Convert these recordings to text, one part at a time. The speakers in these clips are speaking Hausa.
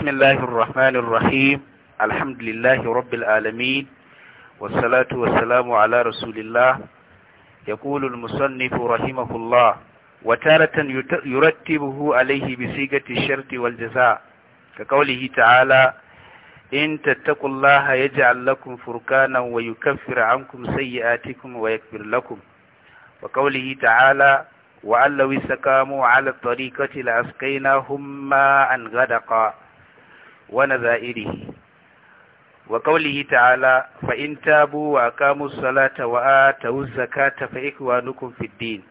بسم الله الرحمن الرحيم الحمد لله رب العالمين والصلاة والسلام على رسول الله يقول المصنف رحمه الله وتارة يرتبه عليه بصيغة الشرط والجزاء كقوله تعالى إن تتقوا الله يجعل لكم فركانا ويكفر عنكم سيئاتكم ويكبر لكم وقوله تعالى وعلوا سكاموا على الطريقة لأسقيناهم ماء غدقا ونذائره وقوله تعالى فإن تابوا وأقاموا الصلاة وآتوا الزكاة فإخوانكم في الدين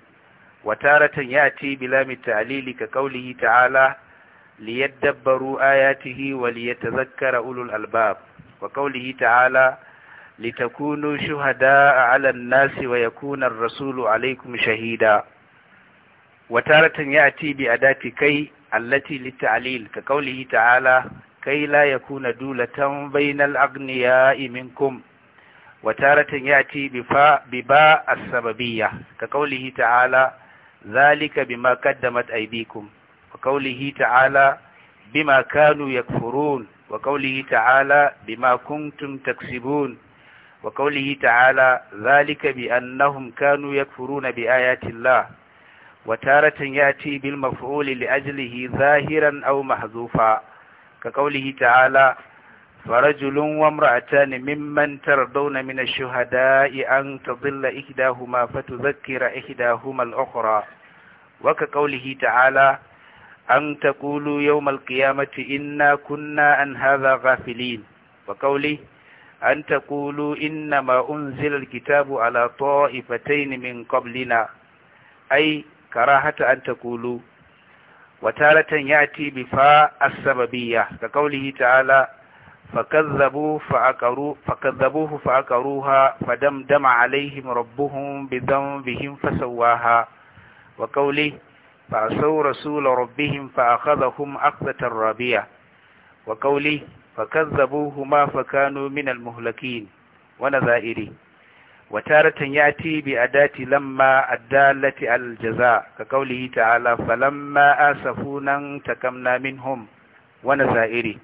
وتارة يأتي بلام التعليل كقوله تعالى ليدبروا آياته وليتذكر أولو الألباب وقوله تعالى لتكونوا شهداء على الناس ويكون الرسول عليكم شهيدا وتارة يأتي بأداة كي التي للتعليل كقوله تعالى كي لا يكون دولة بين الأغنياء منكم وتارة يأتي بباء السببية كقوله تعالى ذلك بما قدمت أيديكم وقوله تعالى بما كانوا يكفرون وقوله تعالى بما كنتم تكسبون وقوله تعالى ذلك بأنهم كانوا يكفرون بآيات الله وتارة يأتي بالمفعول لأجله ظاهرا أو محذوفا ka kaulihi ta'ala farajulun wa imra'atani mimman tardawna min ash-shuhada'i an tadilla ihdahuma fatudhakkira ihdahuma al-ukhra wa ka kaulihi ta'ala an taqulu yawm al-qiyamati inna kunna an hadha ghafilin wa qawli an taqulu inna ma unzila al-kitabu ala ta'ifatayn Ai ka ay karahata an taqulu وتارة يأتي بفاء السببية كقوله تعالى فكذبوه فأكروا فكذبوه فأكروها فدمدم عليهم ربهم بذنبهم فسواها وقوله فعصوا رسول ربهم فأخذهم أخذة رابية وقوله فكذبوهما فكانوا من المهلكين ونذائره وتارة يأتي بأداة لما الدالة على الجزاء كقوله تعالى فلما آسفونا انتكمنا منهم ونزائره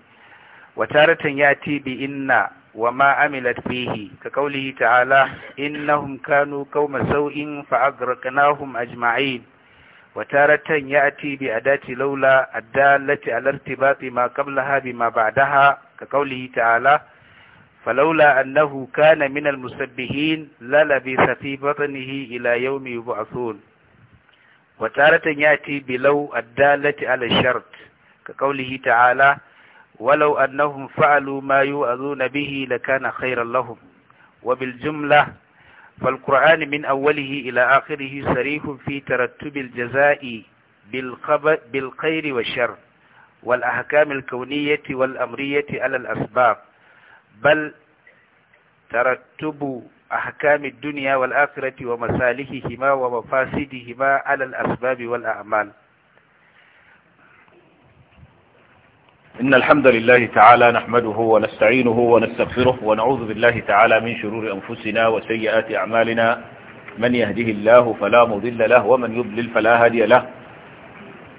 وتارة يأتي بإن وما عملت فيه كقوله تعالى إنهم كانوا قوم سوء فأغرقناهم أجمعين وتارة يأتي بأداة لولا الدالة على ارتباط ما قبلها بما بعدها كقوله تعالى فلولا أنه كان من المسبحين للبث في بطنه إلى يوم يبعثون وتارة يأتي بلو الدالة على الشرط كقوله تعالى ولو أنهم فعلوا ما يؤذون به لكان خيرا لهم وبالجملة فالقرآن من أوله إلى آخره صريح في ترتب الجزاء بالخير والشر والأحكام الكونية والأمرية على الأسباب بل ترتب أحكام الدنيا والآخرة ومصالحهما ومفاسدهما على الأسباب والأعمال إن الحمد لله تعالى نحمده ونستعينه ونستغفره ونعوذ بالله تعالى من شرور أنفسنا وسيئات أعمالنا من يهده الله فلا مضل له ومن يضلل فلا هادي له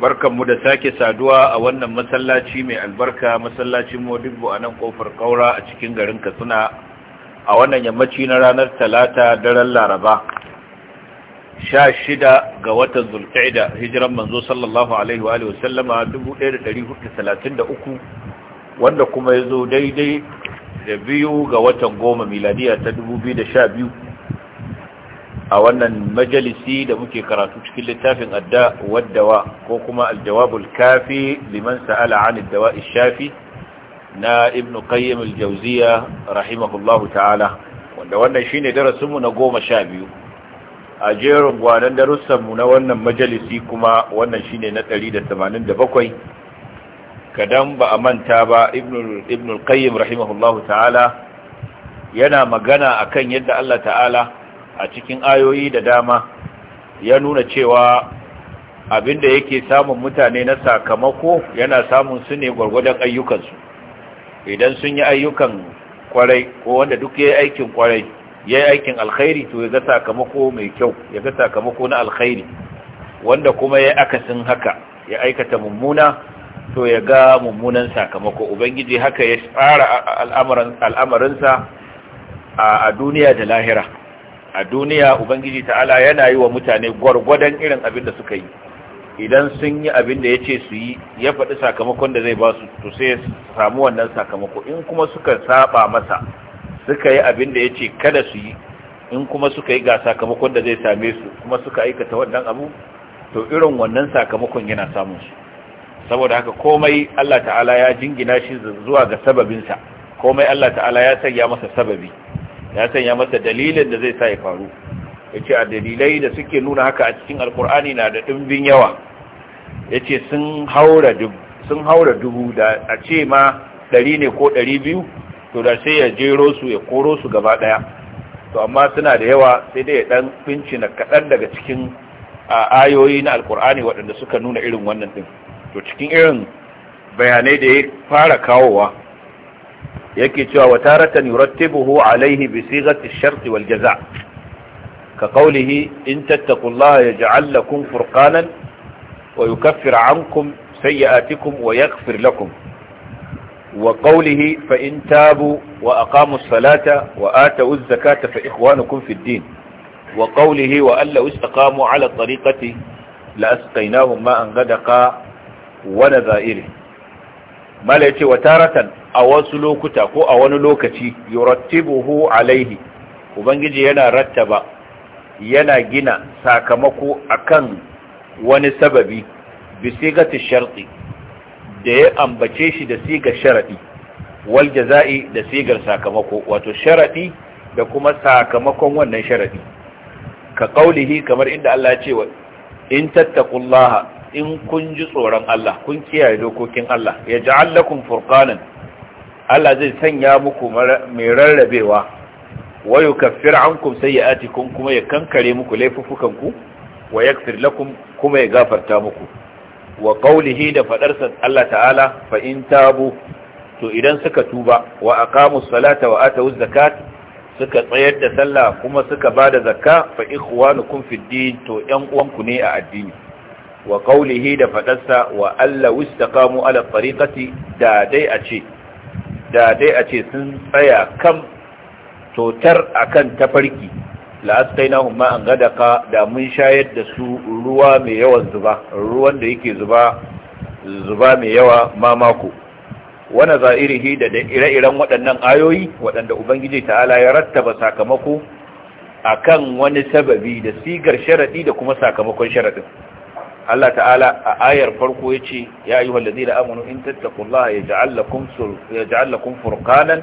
barkanmu da sake saduwa a wannan masallaci mai albarka masallacin modibbo a nan kofar kaura a cikin garin katsina a wannan yammaci na ranar talata daren laraba sha shida ga watan zulkaida hijiran manzo sallallahu alaihi wa sallama 1433 wanda kuma ya zo daidai da biyu ga watan goma miladiya ta 2012 a wannan majalisi da muke karatu cikin littafin adda waddawa ko kuma aljawabul kafi liman sa'ala an addawa shafi na ibn qayyim aljawziya rahimahullahu ta'ala wanda wannan shine darasin mu na 12 a jerin gwanan darussan mu na wannan majalisi kuma wannan shine na 187 kadan ba a manta ba ibn ibn qayyim rahimahullahu ta'ala yana magana akan yadda Allah ta'ala a cikin ayoyi da dama ya nuna cewa abinda yake samun mutane na sakamako yana samun su ne gwargwadon ayyukansu idan sun yi ayyukan kwarai ko wanda duk ya yi aikin kwarai ya yi aikin alkhairi to ya ga sakamako mai kyau ya ga sakamako na alkhairi wanda kuma ya akasin haka ya aikata mummuna to ya ga mummunan sakamako ubangiji haka ya tsara al'amarinsa a duniya da lahira a duniya ubangiji ta'ala yana yi wa mutane gwargwadon irin abin da suka yi idan sun yi abin da ya ce su yi ya faɗi sakamakon da zai ba su to sai samu wannan sakamako in kuma suka saba masa suka yi abin da ya ce kada su yi in kuma suka yi ga sakamakon da zai same su kuma suka aikata wannan abu to irin wannan sakamakon yana samun su saboda haka komai Allah ta'ala ya jingina shi zuwa ga sababinsa komai Allah ta'ala ya sanya masa sababi ya sanya masa dalilin da zai sa ya faru yace a dalilai da suke nuna haka a cikin alkur'ani na da ɗimbin yawa yace sun haura dubu sun haura dubu da a ce ma ɗari ne ko ɗari biyu to da sai ya jero su ya koro su gaba ɗaya to amma suna da yawa sai dai ya ɗan na kaɗan daga cikin ayoyi na alkur'ani waɗanda suka nuna irin wannan ɗin to cikin irin bayanai da ya fara kawowa yake cewa wa taratan yurattibuhu alaihi bi sighati ash-shart wal jazaa ka qawlihi in tattaqullaha yaj'al lakum furqanan wa yukaffir 'ankum sayyi'atikum wa yaghfir lakum wa qawlihi fa in tabu wa aqamu as-salata wa atu az-zakata fa ikhwanukum fi ad-din wa qawlihi wa alla istaqamu 'ala tariqati la asqaynahum ma'an ghadaqa wa nadha'iri mala yace wa taratan a wasu lokuta ko a wani lokaci yurattibuhu alaihi ubangiji yana rattaba yana gina sakamako akan wani sababi bi sigati sharti da ya ambace shi da sigar sharadi wal jaza'i da sigar sakamako wato sharadi da kuma sakamakon wannan sharadi ka kaulihi kamar inda Allah ya ce wa in tattaqullaha in kun ji tsoron Allah kun kiyaye dokokin Allah ya ja'al lakum furqanan Allah zai sanya muku mai rarrabewa wa yukaffir ankum sayyi'atikum kuma ya kankare muku laifufukanku wa yaghfir lakum kuma ya gafarta muku wa qawlihi da sa Allah ta'ala fa in tabu to idan suka tuba wa aqamu salata wa atu zakat suka tsayar da sallah kuma suka bada zakka fa ikhwanukum fid din to yan uwanku ne a addini wa qawlihi da sa wa alla wastaqamu ala tariqati da dai a ce da dai a ce sun tsaya kan totar akan tafarki na hunma an ka da mun shayar da su ruwa mai yawan zuba ruwan da yake zuba zuba mai yawa mamako wani za'irihi da ire-iren waɗannan ayoyi waɗanda ubangiji ta'ala ya rattaba sakamako akan wani sababi da sigar sharaɗi da kuma sakamakon sharaɗin Allah ta'ala a ayar farko ya ce ya ayyuhal ladina amanu in tattakullaha ya lakum yaj'al lakum furqanan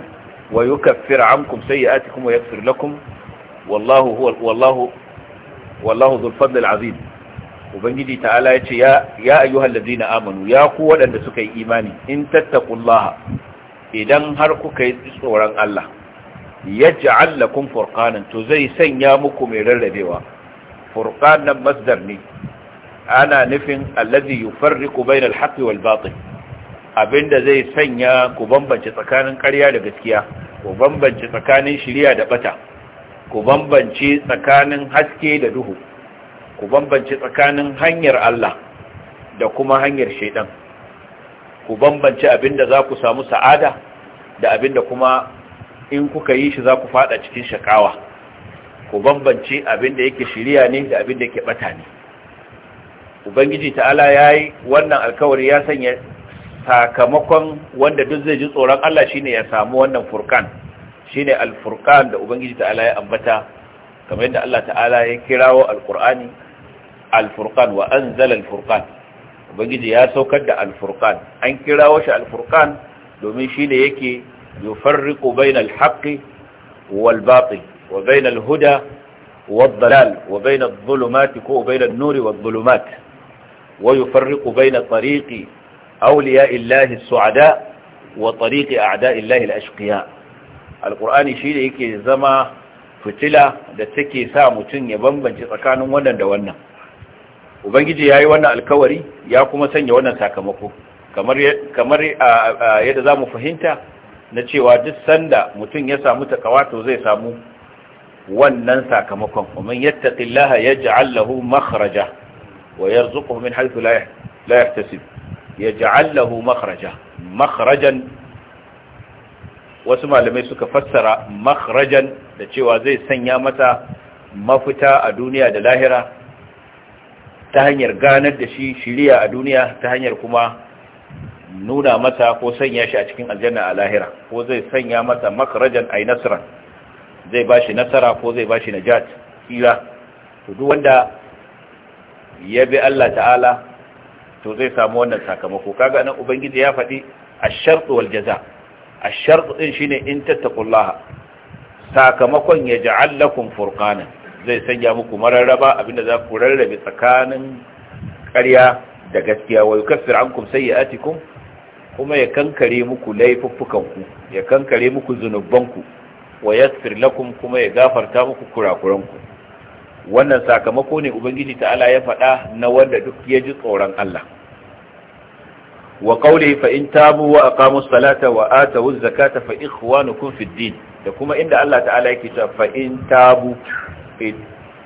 wa yukaffir ankum sayi'atikum wa yaghfir lakum wallahu huwa wallahu wallahu dhul fadl azim ubangiji ta'ala ya ce ya ayyuhal ladina amanu ya ku waɗanda suka yi imani in tattakullaha idan har kuka yi tsoron Allah yaj'al lakum furqanan to zai sanya muku mai rarrabewa furqanan masdar ne ana nufin allazi yufarriqu bainal haqqi wal batil abinda zai sanya ku bambance tsakanin ƙarya da gaskiya ku bambance tsakanin shiriya da bata ku bambance tsakanin haske da duhu ku bambance tsakanin hanyar Allah da kuma hanyar shaidan ku bambance abinda za ku samu sa'ada da abinda kuma in kuka yi shi za ku fada cikin shakawa ku bambance abinda yake shiriya ne da abinda yake bata ne ubangiji ta'ala ya yi wannan alkawari ya sanya sakamakon wanda duk zai ji tsoron Allah shine ya samu wannan furkan shine alfurkan da ubangiji ta'ala ya ambata kamar yadda Allah ta'ala ya kirawo alqur'ani alfurkan wa anzala alfurkan ubangiji ya saukar da alfurkan an kirawo shi alfurkan domin shine yake yufarriqu bainal haqqi wal batil wa bainal huda wad dalal wa bainadh dhulumati ko bainad nuri wadh dhulumat ويفرق بين طريق أولياء الله السعداء وطريق أعداء الله الأشقياء القرآن شيء يكي زما فتلة لتكي سامتن يبنبا جتكان ونا دونا Ubangiji ya yi wannan alkawari ya kuma sanya wannan sakamako kamar yadda za mu fahimta na cewa duk sanda mutum ya samu takawa to zai samu wannan sakamakon ومن يتق ya يجعل makhraja wa yarzuquhu min haythu la la yahtasib yaj'al lahu makhraja wasu malamai suka fassara makhrajan da cewa zai sanya mata mafita a duniya da lahira ta hanyar ganar da shi shiriya a duniya ta hanyar kuma nuna mata ko sanya shi a cikin aljanna a lahira ko zai sanya mata makarajan ay nasran zai bashi nasara ko zai bashi najat kila to duk wanda ya bi Allah ta'ala to zai samu wannan sakamako kaga nan ubangiji ya faɗi ash-shart wal jaza ash-shart din shine in tattaqullaha sakamakon ya ja'al lakum furqanan zai sanya muku mararraba abinda za ku rarrabe tsakanin ƙarya da gaskiya wa yukaffir ankum sayyi'atikum kuma ya kankare muku laifuffukanku ya kankare muku zunubanku wa yaghfir lakum kuma ya gafarta muku kurakuranku wannan sakamako ne ubangiji ta'ala ya faɗa na wanda duk ya ji tsoron Allah wa qawlihi fa in tabu wa aqamu salata wa atu zakata fa ikhwanukum fi din da kuma inda Allah ta'ala yake cewa fa in tabu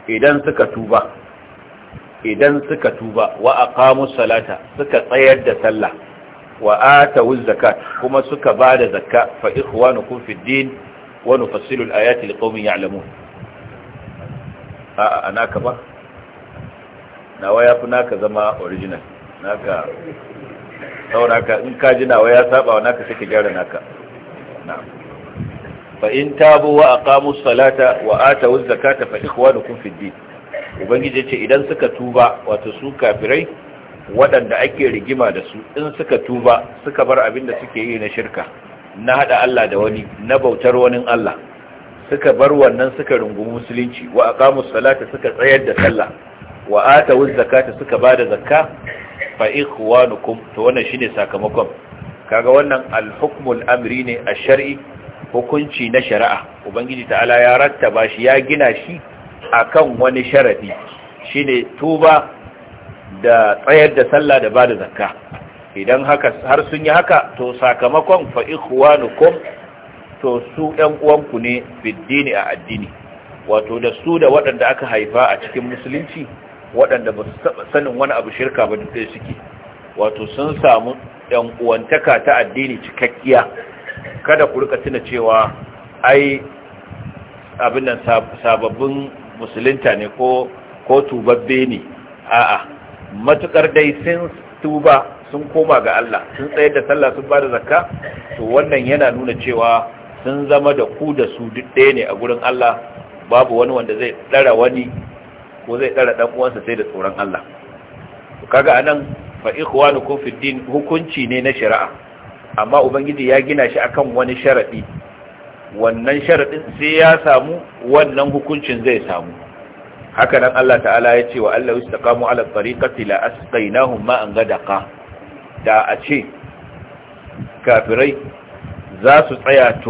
idan suka tuba idan suka tuba wa aqamu salata suka tsayar da sallah wa atu zakat kuma suka bada zakka fa ikhwanukum fi din wa nufassilu al-ayati liqaumin ya'lamun a naka ba nawa ya fi naka zama original naka sauraka in ka ji nawa ya saba wa naka suke gyara naka fa in tabu wa aqamu salata wa atu zakata fa ikhwanukum fi din ubangiji ce idan suka tuba wato su kafirai waɗanda ake rigima da su in suka tuba suka bar abin da suke yi na shirka na hada Allah da wani na bautar wani Allah suka bar wannan suka rungumi musulunci wa aqamu salata suka tsayar da sallah wa atawu zakata suka bada zakka fa ikhwanukum to wannan shine sakamakon kaga wannan al-hukmul amri ne ash-shar'i hukunci na shari'a ubangiji ta'ala ya rattaba shi ya gina shi akan wani sharadi shine tuba da tsayar da sallah da bada zakka idan haka har sun yi haka to sakamakon fa ikhwanukum to su ɗan uwanku ne fiddini a addini wato da su da waɗanda aka haifa a cikin musulunci waɗanda ba su sanin wani abu shirka ba duk suke wato sun samu ɗan uwantaka ta addini cikakkiya kada ku rika tuna cewa ai abin nan sababbin musulunta ne ko ko tubabbe ne a'a matukar dai sun tuba sun koma ga Allah sun tsayar da sallah sun bada zakka to wannan yana nuna cewa sun zama da ku da su duk ɗaya ne a gurin Allah babu wani wanda zai ɗara wani ko zai ɗara ɗan uwansa sai da tsoron Allah kaga anan fa ikhwanukum fi din hukunci ne na shari'a amma ubangiji ya gina shi akan wani sharadi wannan sharadin sai ya samu wannan hukuncin zai samu haka nan Allah ta'ala ya ce wa Allah istaqamu ala tariqati la asqainahum ma'an gadaqa da a ce kafirai za su tsaya a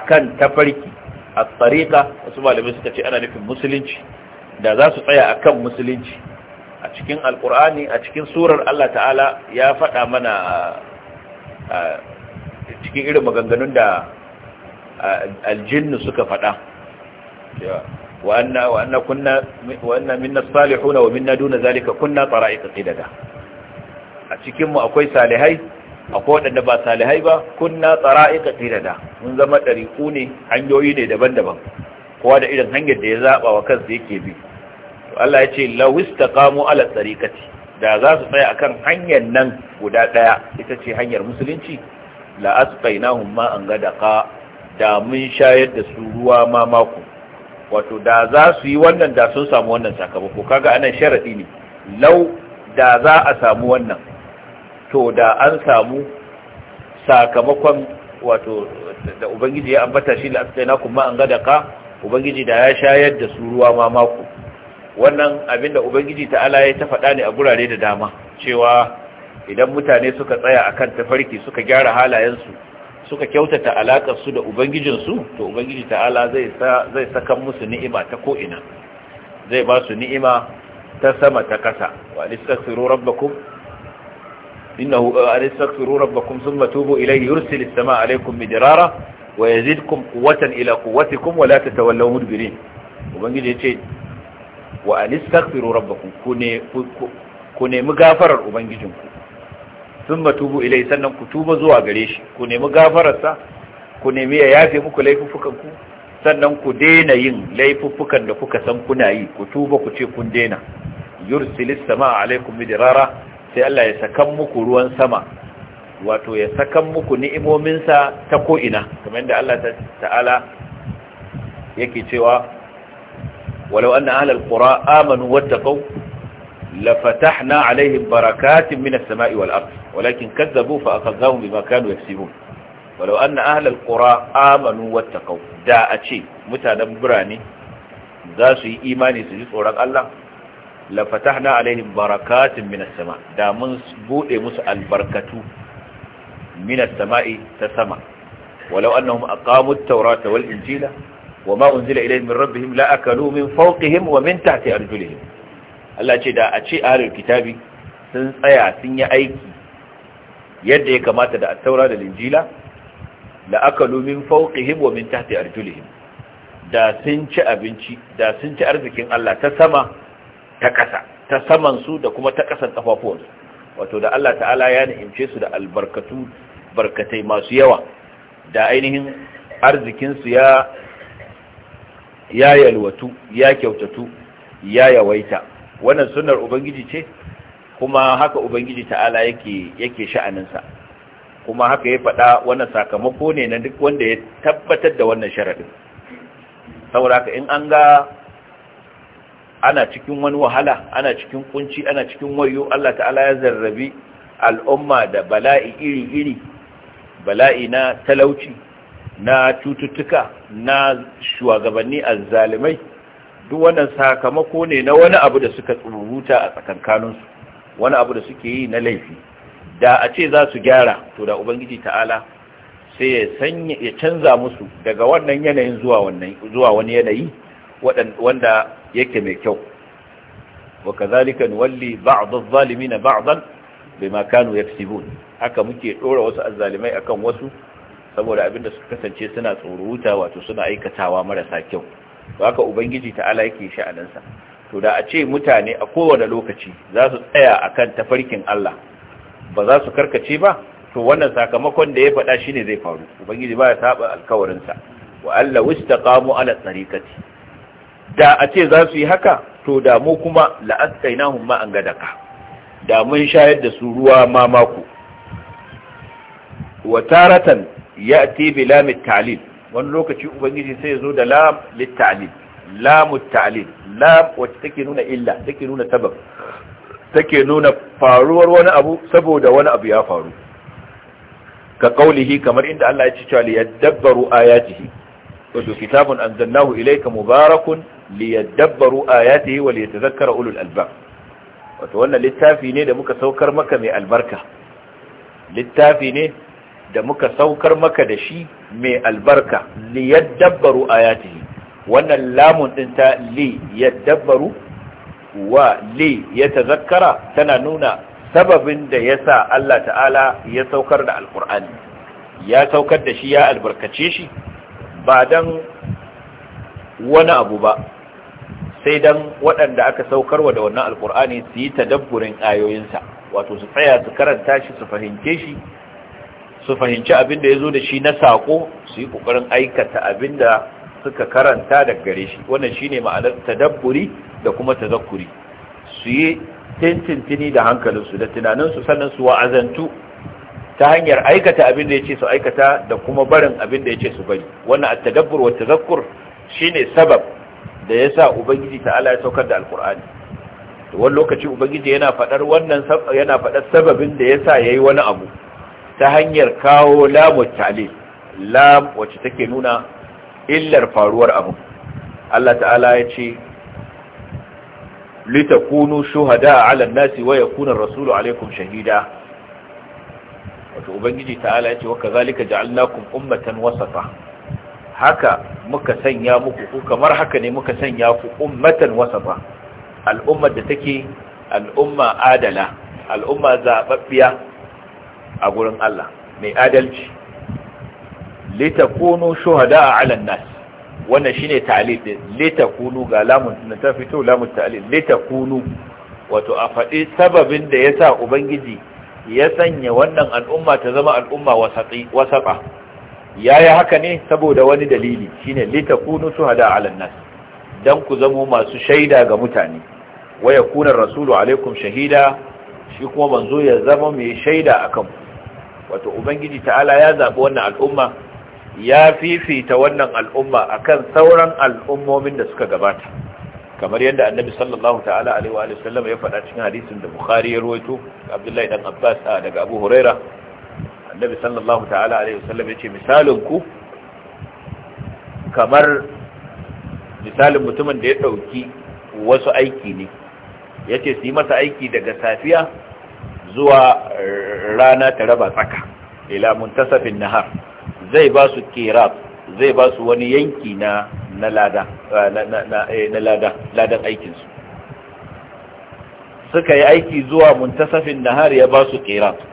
akan tafarki a tsarika wasu malamai suka ce ana nufin musulunci da za su tsaya kan musulunci a cikin alkur'ani a cikin surar Allah ta'ala ya faɗa mana cikin irin maganganun da aljinnu suka faɗa وأن وأن كنا وأن منا الصالحون ومنا دون ذلك كنا a cikinmu akwai salihai akwai waɗanda ba salihai ba kunna tsara'ika da. mun zama ɗariƙu ne hanyoyi ne daban-daban kowa da irin hanyar da ya zaɓa wa kansa yake bi to Allah ya ce ta kamo ala tariqati da za su tsaya a kan hanyar nan guda ɗaya. ita ce hanyar musulunci la asqainahum ma an ka? da mun shayar da su ruwa ma mako wato da za su yi wannan da sun samu wannan sakamako kaga anan sharaɗi ne Lau da za a samu wannan to da an samu sakamakon wato da ubangiji ya ambata shi la'asqaina kuma an gada ka ubangiji da ya shayar da su ruwa ma mako wannan abinda ubangiji ta'ala ya ta faɗa ne a gurare da dama cewa idan mutane suka tsaya akan tafarki suka gyara halayensu suka kyautata alakar su da su to ubangiji ta'ala zai zai saka musu ni'ima ta ko ina zai ba su ni'ima ta sama ta kasa wa listaghfiru rabbakum إنه أن استغفروا ربكم ثم توبوا إليه يرسل السماء عليكم مدرارا ويزيدكم قوة إلى قوتكم ولا تتولوا مدبرين وبنجي يتي وأن استغفروا ربكم كوني وبنجي وبنجيكم ثم توبوا إليه سنن كتوبة زوا قريش كوني مغافرر كوني ميا يافي مكو ليففكم sannan ku dena yin laifuffukan da kuka san kuna yi ku tuba ku ce kun dena yursilis sama alaikum midrara sai Allah ya sakan muku ruwan sama wato ya sakan muku ni'imominsa ta ko'ina kamar yadda Allah ta'ala yake cewa walau anna ahlal qura amanu wattaqu lafatahna alaihim barakatin minas sama'i wal ard walakin kazzabu fa akhadhahum bima kanu yaksibun walau anna ahlal qura amanu wattaqu da a ce mutanen birane za su yi imani su ji tsoron Allah la fatahna alaihim barakatin minas sama da mun bude musu albarkatu minas sama'i ta sama walau annahum aqamu at-taurata wal injila wama unzila ilayhim min rabbihim la akalu min fawqihim wa min tahti arjulihim Allah ce da a ce ahlul kitabi sun tsaya sun yi aiki yadda ya kamata da at-taura da injila la akalu min fawqihim wa min tahti arjulihim da sun ci abinci da sun ci arzikin Allah ta sama ta ƙasa ta saman su da kuma ta ƙasan kafafuwansu wato da Allah ta'ala ya ni'imce su da albarkatu barkatai masu yawa da ainihin arzikinsu ya ya yalwatu ya kyautatu ya yawaita wannan sunnar ubangiji ce kuma haka ubangiji ta'ala yake yake sha'aninsa kuma haka ya faɗa wannan sakamako ne na duk wanda ya tabbatar da wannan sharadin saboda haka in an ga ana cikin wani wahala ana cikin kunci ana cikin wayo Allah ta'ala ya zarrabi al'umma da bala'i iri-iri bala'i na talauci na cututtuka na shugabanni azzalimai duk wannan sakamako ne na wani abu da suka rubuta a tsakankaninsu wani abu da suke yi na laifi da a ce za su gyara to da ubangiji ta'ala sai ya canza musu daga wannan yanayin zuwa wani yanayi wanda yake mai kyau wa kazalika nuwalli ba'd adh-dhalimin ba'dan bima kanu yaksibun haka muke dora wasu azzalimai akan wasu saboda abinda suka kasance suna tsoro tsoruta wato suna aikatawa marasa kyau to haka ubangiji ta'ala yake sha'anin sa to da a ce mutane a kowane lokaci za su tsaya akan tafarkin Allah ba za su karkace ba to wannan sakamakon da ya faɗa shine zai faru ubangiji ba ya saba alkawarin sa wa alla wastaqamu ala tariqati da a ce za su yi haka to da mu kuma la'askainahum ma an gadaka da mun shayar da su ruwa mamaku. wa taratan ya'ti bi lamit ta'lil wani lokaci ubangiji sai ya zo da lam lit ta'lil lamut ta'lil lam wacce take nuna illa take nuna sabab take nuna faruwar wani abu saboda wani abu ya faru ka kaulihi kamar inda Allah ya ci cewa li yadabbaru ayatihi wato kitabun anzalnahu ilayka mubarakun liyadabbaru ayatihi wa liyatazakkara ulul albab wato wannan littafi ne da muka saukar maka mai albarka littafi ne da muka saukar maka da shi mai albarka liyadabbaru ayatihi wannan lamun din ta li yadabbaru wa li yatazakkara tana nuna sababin da yasa Allah ta'ala ya saukar da alqur'ani ya saukar da shi ya albarkace shi ba dan wani abu ba sai dan waɗanda aka saukarwa da wannan alkur'ani su yi tadabburin ayoyinsa wato su tsaya su karanta shi su fahimce shi su fahimci abin da ya zo da shi na sako su yi ƙoƙarin aikata abin da suka karanta da gare shi wannan shine ma'anar tadabburi da kuma tazakkuri su yi tintintini da hankalinsu da tunaninsu sannan su wa'azantu ta hanyar aikata abin da ya ce su aikata da kuma barin abin da ya ce su bari wannan at-tadabbur wa tazakkur shine sabab da sa ubangiji ta'ala ya saukar da alqur'ani to wani lokaci ubangiji yana faɗar wannan yana fadar sababin da yasa yi wani abu ta hanyar kawo lamu ta'lil lam wacce take nuna illar faruwar abu Allah ta'ala ya ce litakunu shuhada a an-nasi waya kunan rasulu 'alaykum shahida wato ubangiji ta'ala ya ce wa kazalika ja'alnakum ummatan wasafa haka muka sanya muku ku kamar haka ne muka sanya ku ummatan wasafa al'ummar da take al'umma adala al'umma zababbiya a gurin Allah mai adalci litakunu shuhada'a 'ala an-nas wannan shine ta'lil din litakunu ga lamun ta fito lamun ta'lil litakunu wato a faɗi sababin da yasa ubangiji ya sanya wannan al'umma ta zama al'umma wasafi wasafa yayi haka ne saboda wani dalili shine litakunu shuhada 'alan nas dan ku zamo masu shaida ga mutane waya yakuna rasulu alaikum shahida shi kuma manzo ya zama mai shaida akan wato ubangiji ta'ala ya zabi wannan al'umma ya fifita wannan al'umma akan sauran al'ummomin da suka gabata kamar yadda annabi sallallahu ta'ala alaihi wa sallam ya faɗa cikin hadisin da bukhari ya ruwaito abdullahi dan abbas daga abu huraira annabi sallallahu ta'ala alaihi wasallam yace misalin ku kamar misalin mutumin da ya dauki wasu aiki ne yace su yi masa aiki daga safiya zuwa rana ta raba tsaka ila muntasafin nahar zai ba su kirab zai ba su wani yanki na na lada eh, na lada ladan aikin su suka yi aiki zuwa muntasafin nahar ya ba su kirab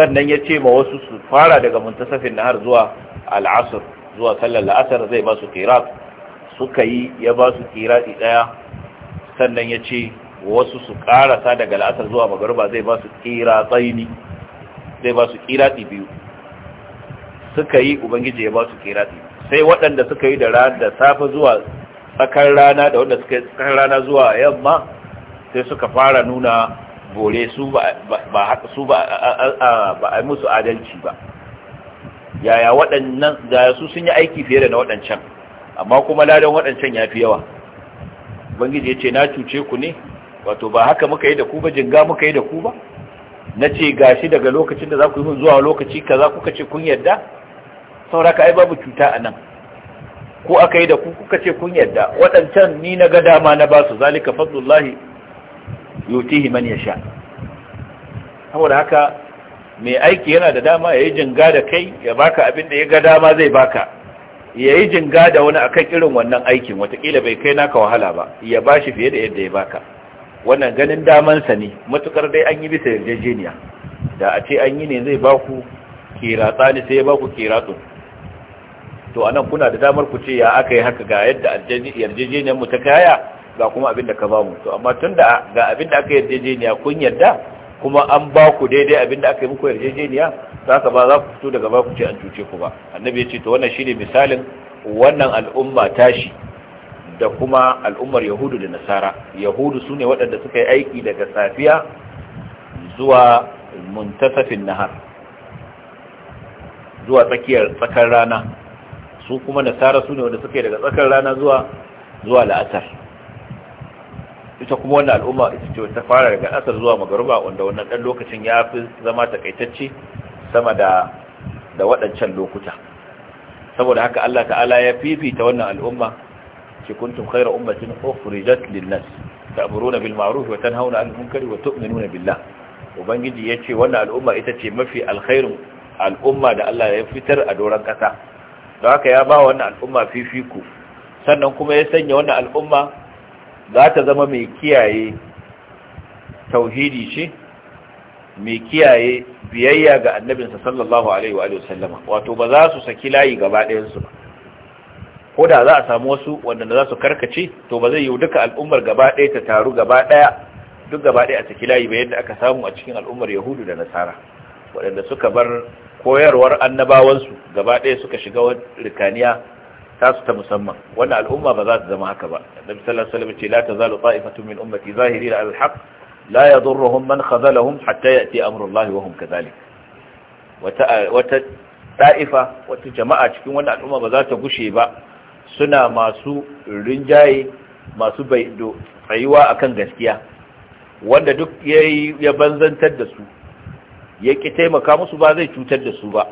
sannan ya ce ma wasu su fara daga muntasafin nahar zuwa al'asr zuwa sallar la'asar zai ba su kirat suka yi ya ba su qirati daya sannan ya ce wasu su karasa daga la'asar zuwa magarba zai ba su kiratsaini zai ba su qirati biyu suka yi ubangiji ya ba su qirati sai waɗanda suka yi da rana da safe zuwa tsakar rana da wanda suka yi tsakar rana zuwa yamma sai suka fara nuna bore su ba su ba a musu adalci ba yaya waɗannan da su sun yi aiki fiye da na waɗancan amma kuma ladan waɗancan ya fi yawa bangiji ya ce na cuce ku ne wato ba haka muka yi da ku ba jinga muka yi da ku ba na ce gashi daga lokacin da za ku yi mun zuwa lokaci kaza kuka ce kun yarda sauraka ai babu cuta a nan ko aka yi da ku kuka ce kun yarda waɗancan ni na ga dama na basu zalika fadlullahi yutihi man yasha saboda haka mai aiki yana da dama yayi jinga da kai ya baka abin da ya ga dama zai baka yayi jinga da wani akan irin wannan aikin watakila bai kai naka wahala ba ya bashi fiye da yadda ya baka wannan ganin damansa ne matukar dai an yi bisa yarjejeniya da a ce an yi ne zai baku kiratsa ne sai ya baku kiratsun to anan kuna da damar ku ce ya aka yi haka ga yadda yarjejeniyar mu ta kaya ga kuma abin da ka ba mu to amma tunda ga abin da aka yarjejeniya kun yarda kuma an ba ku daidai abin da aka yi muku yarjejeniya za ka ba za ku fito daga ba ku ce an cuce ku ba annabi ya ce to wannan shine misalin wannan al'umma tashi da kuma al'ummar yahudu da nasara yahudu su ne waɗanda suka yi aiki daga safiya zuwa muntasafin nahar zuwa tsakiyar tsakar rana su kuma nasara su ne wanda suka yi daga tsakar rana zuwa zuwa la'asar ita kuma wannan al'umma ita ce ta fara daga asar zuwa magaruba wanda wannan dan lokacin ya fi zama takaitacce sama da da waɗancan lokuta saboda haka Allah ta'ala ya fifita wannan al'umma ce kuntum khayra ummatin ukhrijat lin-nas ta'muruna bil ma'ruf wa tanhauna 'anil munkari wa tu'minuna billah ubangiji yace wannan al'umma ita ce mafi alkhairu al'umma da Allah ya fitar a doran kasa don haka ya ba wannan al'umma fifiku sannan kuma ya sanya wannan al'umma za ta zama mai kiyaye tauhidi ce mai kiyaye biyayya ga annabinsa sallallahu alaihi wa sallama wato ba za su saki layi gaba ɗayansu ba ko da za a samu wasu wadanda za su karkace to ba zai yi duka al'ummar gaba ta taru gaba duk gaba a saki layi ba yadda aka samu a cikin al'ummar yahudu da nasara waɗanda suka bar koyarwar annabawansu gaba ɗaya suka shiga rikaniya tasu ta musamman wannan al'umma ba za ta zama haka ba annabi sallallahu alaihi ce la tazalu ta'ifatu min ummati zahiri da al-haq la yadurruhum man khazalahum hatta ya'ti amru Allah wa hum kadhalik wata wata wata jama'a cikin wannan al'umma ba za ta gushe ba suna masu rinjaye masu baido tsayuwa akan gaskiya wanda duk yayi ya banzantar da su ya ki taimaka musu ba zai cutar da su ba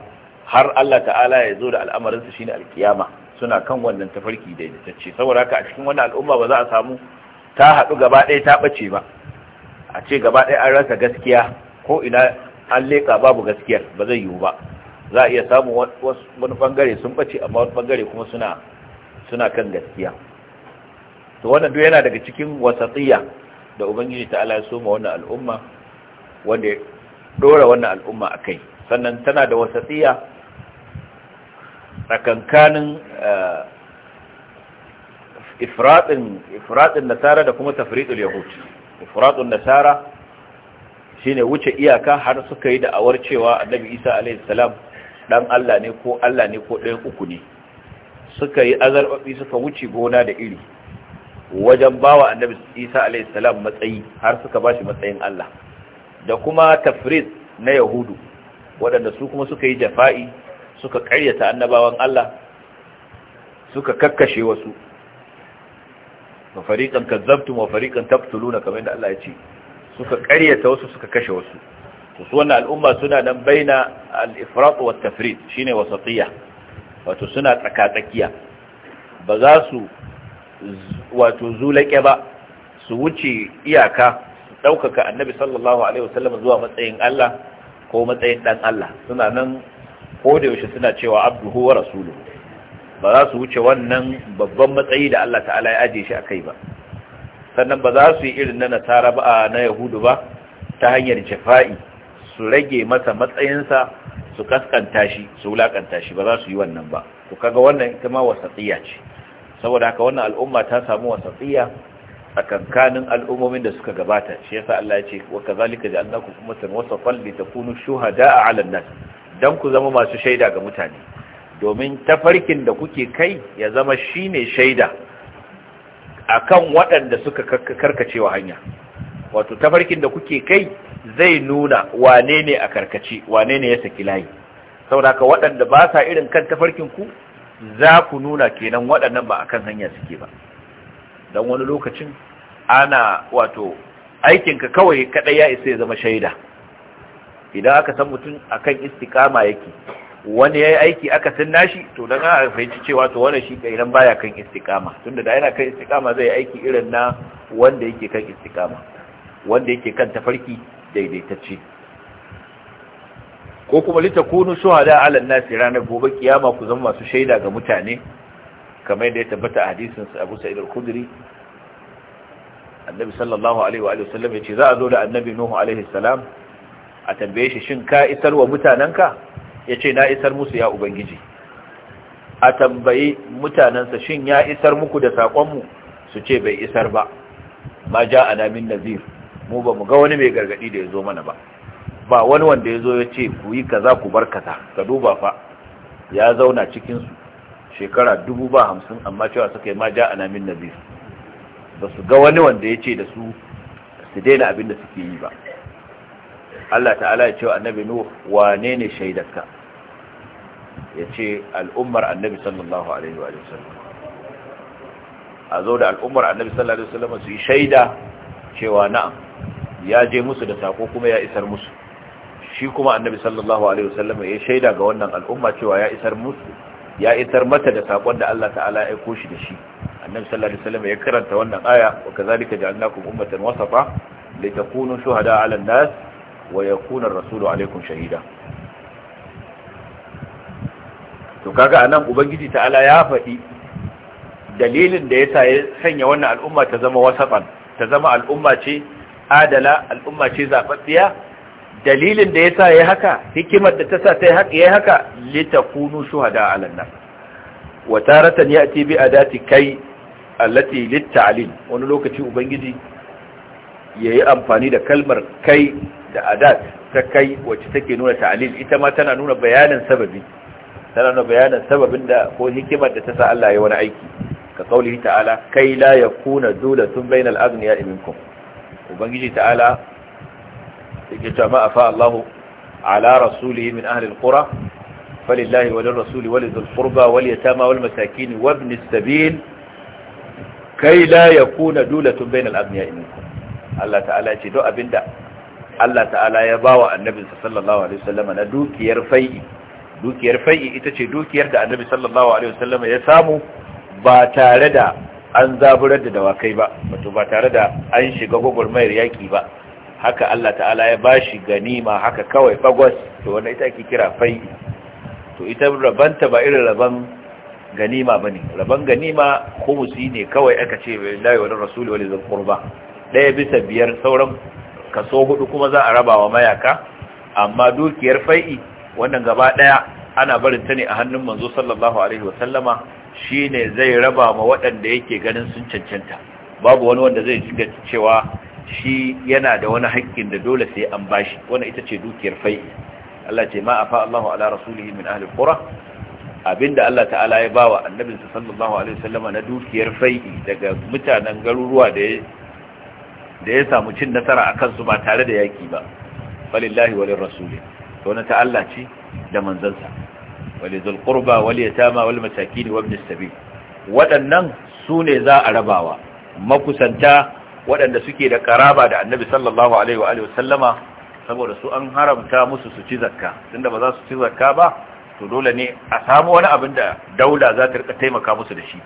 har Allah ta'ala ya zo da al'amarinsa shine alkiyama suna kan wannan tafarki da ce. saboda haka a cikin wannan al'umma ba za a samu ta haɗu gaba ɗaya ta ɓace ba a ce gaba ɗaya an rasa gaskiya ko ina an leƙa babu gaskiyar ba zai yiwu ba za a iya samun wani ɓangare sun ɓace amma wani ɓangare kuma suna suna kan gaskiya to wannan duk yana daga cikin wasatiyya da ubangiji ta ala ya soma wannan al'umma wanda ya ɗora wannan al'umma a kai sannan tana da wasatsiya tsakankanin eh, ifraɗin nasara da kuma tafriɗul yahud ifraɗin nasara shine wuce iyaka har suka yi da'awar cewa annabi isa alaihissalam ɗan allah ne ko allah ne ko ɗayan uku ne suka yi azarbaɓi suka wuce gona da iri wajen bawa annabi isa alaihissalam matsayi har suka ba shi matsayin allah da kuma tafrid na yahudu waɗanda su kuma suka yi jafa'i suka karyata annabawan Allah suka kakkashe wasu wa fariqan kazzabtum wa fariqan taqtuluna kamar yadda Allah ya ce suka karyata wasu suka kashe wasu to su wannan al'umma suna nan baina al-ifrat wa at-tafrit shine wasatiyya wato suna tsakatsakiya ba za su wato zulake ba su wuce iyaka su daukaka annabi sallallahu alaihi wasallam zuwa matsayin Allah ko matsayin dan Allah suna nan ko da yaushe suna cewa abduhu wa rasulu ba za su wuce wannan babban matsayi da Allah ta'ala ya aje shi a kai ba sannan ba za su yi irin na nasara ba na yahudu ba ta hanyar jafa'i su rage masa matsayinsa su kaskanta shi su wulakanta shi ba za su yi wannan ba to kaga wannan ita ma wasatsiya ce saboda haka wannan al'umma ta samu a tsakankanin al'ummomin da suka gabata shi yasa Allah ya ce wa kazalika ja'alnakum ummatan wasatan litakunu shuhada'a 'alan nas don ku zama masu shaida ga mutane domin tafarkin da kuke kai ya zama shi ne shaida a kan waɗanda suka karkacewa hanya wato tafarkin da kuke kai zai nuna wane ne a karkace wane ne ya saki layi saboda ka waɗanda ba sa irin kan tafarkin ku za ku nuna kenan waɗannan ba akan hanya suke ba don wani lokacin ana wato aikinka kawai kaɗai ya isa ya zama shaida idan aka san mutum akan istiqama yake wani yayi aiki aka san nashi to dan a fahimci cewa to wannan shi kailan baya kan istiqama tunda da yana kan istiqama zai aiki irin na wanda yake kan istiqama wanda yake kan tafarki daidaitacce ko kuma litakunu shuhada ala nasi ranar gobe kiyama ku zama masu shaida ga mutane kamar yadda ya tabbata a hadisin Abu Sa'id al-Khudri annabi sallallahu alaihi wa sallam yace za a zo da annabi Nuhu alaihi salam a tambaye shi shin ka isar wa mutanenka ya ce na isar musu ya ubangiji a tambayi mutanensa shin ya isar muku da saƙonmu su ce bai isar ba ma ja a namin nazir mu ba mu ga wani mai gargadi da ya zo mana ba ba wani wanda ya zo ya ce ku yi kaza ku bar kaza ka duba fa ya zauna cikinsu shekara dubu ba hamsin amma cewa suka yi ma ja a namin nazir ba su ga wani wanda ya ce da su su daina abin da suke yi ba Allah ta'ala ya ce wa annabi nuh wane ne shaidarka ya ce al'ummar annabi sallallahu alaihi wa sallam a zo da al'ummar annabi sallallahu alaihi wa sallam su yi shaida cewa na'am ya je musu da sako kuma ya isar musu shi kuma annabi sallallahu alaihi wa sallam ya shaida ga wannan al'umma cewa ya isar musu ya isar mata da sakon da Allah ta'ala ya aiko shi da shi annabi sallallahu alaihi wa sallam ya karanta wannan aya wa kazalika ja'alnakum ummatan wasafa litakunu shuhada 'ala an-nas wa yakuna ar-rasulu alaikum shahida to kaga anan ubangiji ta Ala ya faɗi dalilin da yasa ya sanya wannan al'umma ta zama wasafan ta zama al'umma ce adala al'umma ce zababbiya dalilin da yasa yayi haka hikimar da ta sa ta yayi haka takunu shuhada 'alan nas wa taratan ya'ti bi adati kai allati lit wani lokaci ubangiji ya yi amfani da kalmar kai da adat ta kai wacce take nuna ta'alil ita ma tana nuna bayanin sababi tana nuna bayanin sababin da ko hikimar da ta sa Allah ya wani aiki ka kaulihi ta'ala kai la ya kuna, yakuna dulatun bainal aghniya minkum ubangiji ta'ala yake cewa ma fa Allah ala rasulihi min ahli alqura falillahi wa lirrasuli wa lidhil qurba wal yatama wal masakin wa ibnis sabil kai la ya kuna, yakuna dulatun bainal aghniya minkum Allah ta'ala ce duk abinda Allah ta'ala ya bawa annabinsa sallallahu alaihi wasallam na dukiyar fai'i dukiyar fai'i ita ce dukiyar da annabi sallallahu alaihi wasallam ya samu ba tare da an zaburar da dawakai ba wato ba tare da an shiga gwagwarmayar yaki ba haka Allah ta'ala ya bashi ganima haka kawai fagos to wannan ita ake kira fai'i to ita rabanta ba irin raban ganima bane raban ganima khumusi ne kawai aka ce billahi wa rasuli wa lil qurba ɗaya bisa biyar sauran kaso hudu kuma za a raba wa mayaka amma dukiyar fai'i wannan gaba ɗaya ana barin ta ne a hannun manzo sallallahu alaihi wasallama shine zai raba ma waɗanda yake ganin sun cancanta babu wani wanda zai shiga cewa shi yana da wani haƙƙin da dole sai an bashi wannan ita ce dukiyar fai'i Allah ce ma afa Allahu ala rasulihi min ahli qura abinda Allah ta'ala ya bawa annabinsa sallallahu alaihi wasallama na dukiyar fai'i daga mutanen garuruwa da da ya samu cin nasara a kansu ba tare da yaki ba falillahi walin rasuli to na ta Allah ce da manzansa wale zul qurba wal yatama wal masakin wa ibn sabil waɗannan su ne za a rabawa makusanta waɗanda suke da karaba da annabi sallallahu alaihi wa alihi saboda su an haramta musu su ci zakka tunda ba za su ci zakka ba to dole ne a samu wani abin da daula za ta rika taimaka musu da shi